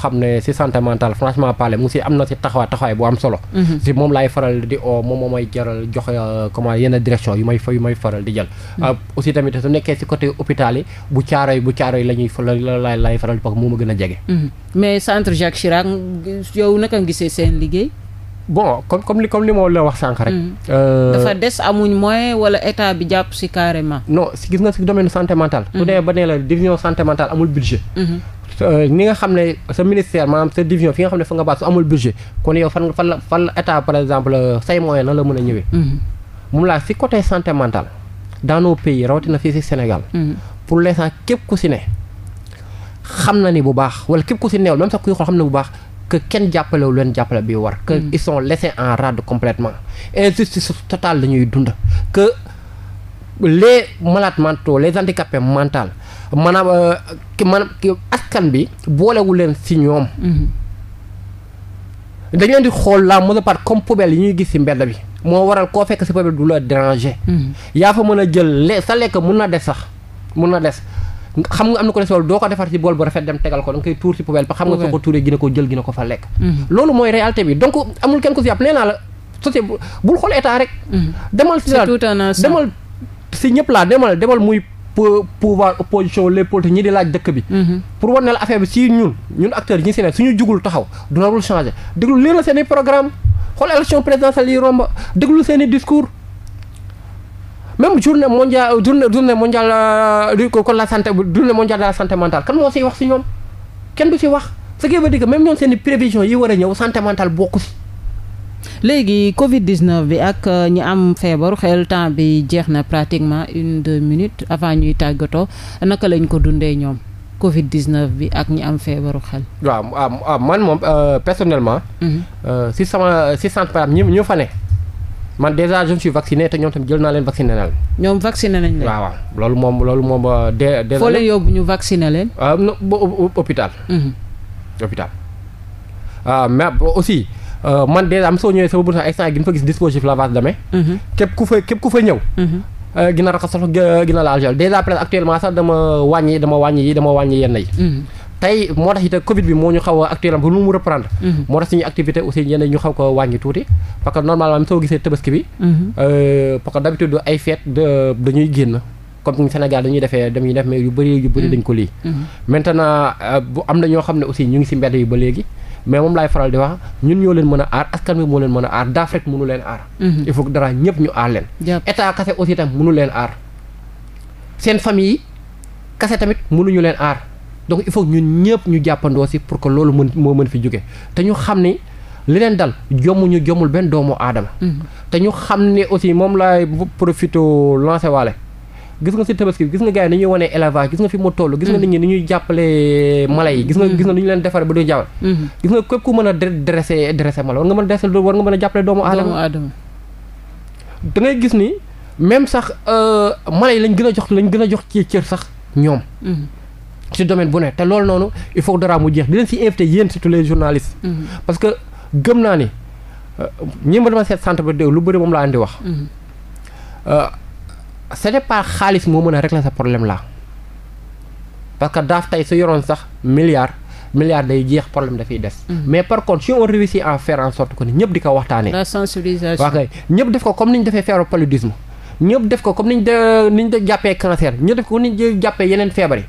mm-hmm. na ci taxawaay taxawaay bu am solo. ci mm-hmm. moom laay faral di oo moom moo may jaral joxe comment yenn direction yu may yu faral di jël. aussi tamit tamit su nekkee si côté hôpital yi bu caaroy bu caaroy la ñuy la lay faral parce que moo ma gën a jege. Mhm. mais centre Jacques Chirac yow naka nga gisee seen liggéey. bon comme comme li comme li ma la wax sànq rek. Mhm. Euh, dafa des amuñ moyen wala état bi jàpp si carrément. non si gis nga si domaine santé mentale. su mhm. dee ba nee la division santé mentale amul budget. Euh, ni nga xam ne sa ministère maanaam sa division fi nga xam ne fa nga baat su amul budget kon yow fan fan la fan la état par exemple euh, say moyen nan la mën a ñëwee. moom laa si côté santé mentale. dans nos pays rawatina fii si Sénégal. Mm-hmm. pour l'instant képp ku si ne xam na ni bu baax wala képp ku si neewul même sax kuy xool xam na bu baax que kenn jàppalewul leen jàppale bi war. que mm-hmm. ils sont laissés en rade complètement injustice totale la ñuy dund que les malades mentaux les handicapés mentaux maanaam euh, ki maanaam ki askan bi boolewul leen si ñoom. Mm-hmm. dañu leen di xool la mën a part comme poubelle yi ñuy gis si mbedd bi. moo waral koo fekk si pabel du la déranger. Hmm. yaa fa mën a jël le sa lekk mun na des sax mun na des xam nga am na ko des loolu doo ko defar ci bool bu rafet dem tegal ko da tuur ci poubelle ba xam nga soo ko tuuree gina ko jël gina ko fa lekk hmm. loolu mooy réalité bi donc amul kenn ku si yàpp nee naa la société bul xool état rek hmm. demal si demal laa demal demal muy pouvoir opposition les politiques ñi di laaj dëkk bi pour war ne la affaire bi si ñun ñun si ne suñu jugul taxaw dunawul changé xool élection présidentielle yi romb déglu seen i discours même journée mondiale journée journée mondiale euh, du ko la santé journée mondiale de la santé moo siy wax si ñoom kenn du si wax ce qui veut dire que ñoom seen i prévision yi war a ñëw santé mentale bokku si. léegi Covid 19 bi ak euh, ñi am feebaru xel temps bi jeex na pratiquement une deux minutes avant ñuy tàggatoo naka lañu ko dundee ñoom. Covid 19 bi ak ñi am feebaru xel. waaw waaw man moom euh, personnellement. Mhm. Euh, si sama si centre par ñi ñu fa ne. man déjà je me suis vacciné te ñoom tam jël naa leen vacciné na leen. ñoom vacciné nañ leen. waaw waaw loolu moom loolu moom a euh, déjà. foo leen yóbbu ñu vacciné leen. ba hôpital. Mhm. hôpital. Ah, mais aussi man déjà am soo ñëwee sama bëri sax instant gi nga fa gis dispositif lavage de main. Mhm. képp ku fa képp ku fa ñëw. Euh, gina raxas loxo gina laal gel déjà peut actuellement sax dama wàññi dama wàññi yi dama wàññi yenn yi mhm. tey moo tax it Covid bi moo ñu xaw a actuellement ba lu mu reprendre. Mhm. moo tax suñuy activité aussi yenn ñu xaw ko wàññi tuuti parce que normalement mi soo gisee tabaski bi. Mhm. Euh, parce que d'habitude ay fête dañuy génn. comme Sénégal dañuy defee dañuy def mais yu bëri yu bëri dañ ko lii. maintenant euh, bu am na ñoo xam ne aussi ñu ngi ci mbedd yi ba léegi. mais moom laay faral di wax ñun ñoo leen mën a aar askan bi moo leen mën a aar daaf rek mënu leen aar. Mhm. il faut dara ñëpp ñu aar leen. état kase aussi tam mënu leen aar seen famille tamit mënuñu leen aar donc il faut ñun ñëpp ñu jàppandoo si pour que loolu mën moo mën fi jóge te ñu xam ni li leen dal jomuñu jommul benn doomu aadama. Mhm. te ñu xam ne aussi moom laay profito lancé waale. gis nga si tabaski gis nga gars yi ni ñuy wanee élevage gis nga fi mu toll gis nga nit ñi ni ñuy jàppale mala yi gis nga gis nga ni leen defare ba du jawal mhm. gis nga képp ku mën a dressé dressé mala war nga mën a dressé war nga mën a jàppale doomu aadama da ngay gis ni même sax euh, mala yi lañ gën a jox lañ gën a jox ci cër sax ñoom mhm. ci domaine bu ne te loolu noonu il faut dara mu jeex di leen si invité yéen surtout les journalistes mhm. parce que gëm naa ni euh, ñi ma dama seet centre ba dégg lu bëri moom laa andi wax euh, ce n'est pas xaalis moo mën a régler sa problème là parce que daaf tey su yoroon sax milliard milliard day jeex problème dafay des. Mm-hmm. mais par contre si on réussit à faire en sorte que ñëpp di ko waxtaanee. la sensibilisation waaw kay ñëpp def ko comme ni ñu defee feebaru paludisme. def ko comme ni ñu de ni jàppee cancer ñëpp def ko ni ñu jàppee yeneen feebar yi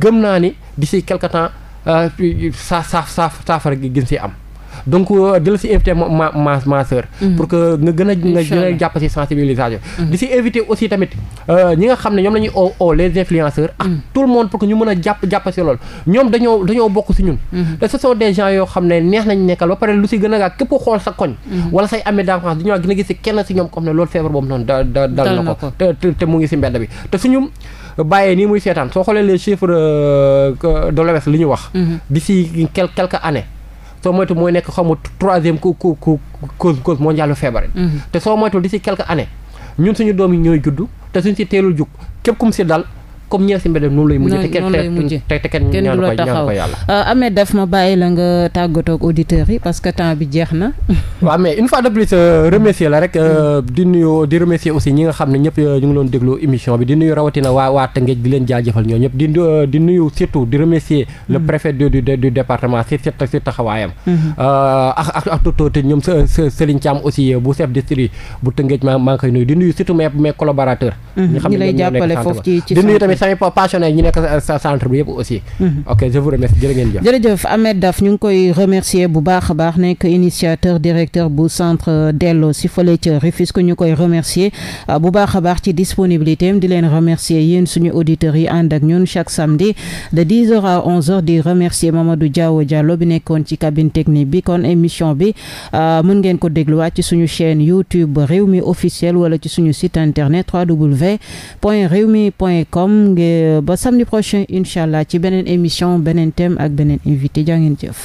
gëm naa ni d'ici quelque temps saaf saaf saaf saafara gi gën si am. donc euh, di la si invité ma ma ma soeur. Mhm. pour que nga gën a nga gën a si sensibilisation. Mhm. di si invité aussi tamit euh, ñi nga xam ne ñoom la ñuy oo oo les influenceurs. ak mhm. tout le monde pour que ñu mën a jàpp jàpp si loolu ñoom dañoo dañoo bokk si ñun. te ce sont des gens yoo xam ne neex nañu nekkal ba pare lu si gën a gaaw képp xool sa koñ. wala say amee d'enfance di ñëwaat gën a gis si kenn si ñoom comme ne loolu feebar boobu noonu da da dal na ko te te mu muy seetaan soo xoolee les chiffres euh, de l'OMS li ñu wax. d'ici quelques années. soo moytu mooy nekk xaw ma troisième ku ku ku cause cause mondiale feebar mm-hmm. te soo moytu d'ici quelques années ñun suñu doom ñooy juddu te suñ si teelul jug képp kum si dal comme ñeer si mbedd noonu lay mujj te kenn te kenn ñaanu ko ñaanu ko yàlla euh, Ahmed Daf ma bàyyi la nga tàggatoo ak euh, euh, di nuyu nga xam ne ñëpp ñu ngi doon déglu émission bi di di leen jaajëfal ñoo ñëpp di di nuyu surtout di remercier le mm-hmm. préfet du du mm-hmm. ñoom Serigne Thiam aussi bu chef district samay passionnés ñu nekk sa centre bi yëpp aussi. Mhm. ok je jëf. Ahmed Daf ñu ngi koy remercier bu baax a baax nekk initiateur directeur bu centre euh, Dello si fële ca Rufisque ñu koy remercier euh, bu baax a baax ci disponibilité am di leen remercier yéen suñu auditeurs yi ànd ak ñun chaque samedi de 10h à 11h di remercier Mamadou Diaw Diallo bi nekkoon ci cabine technique bi kon émission bi euh, mun ngeen ko dégluwaat ci suñu chaîne YouTube Rewmi officiel wala ci suñu site internet www.rewmi.com am nga ba samedi prochain incha allah ci beneen émission beneen thème ak beneen invité jaa ngeen jëf.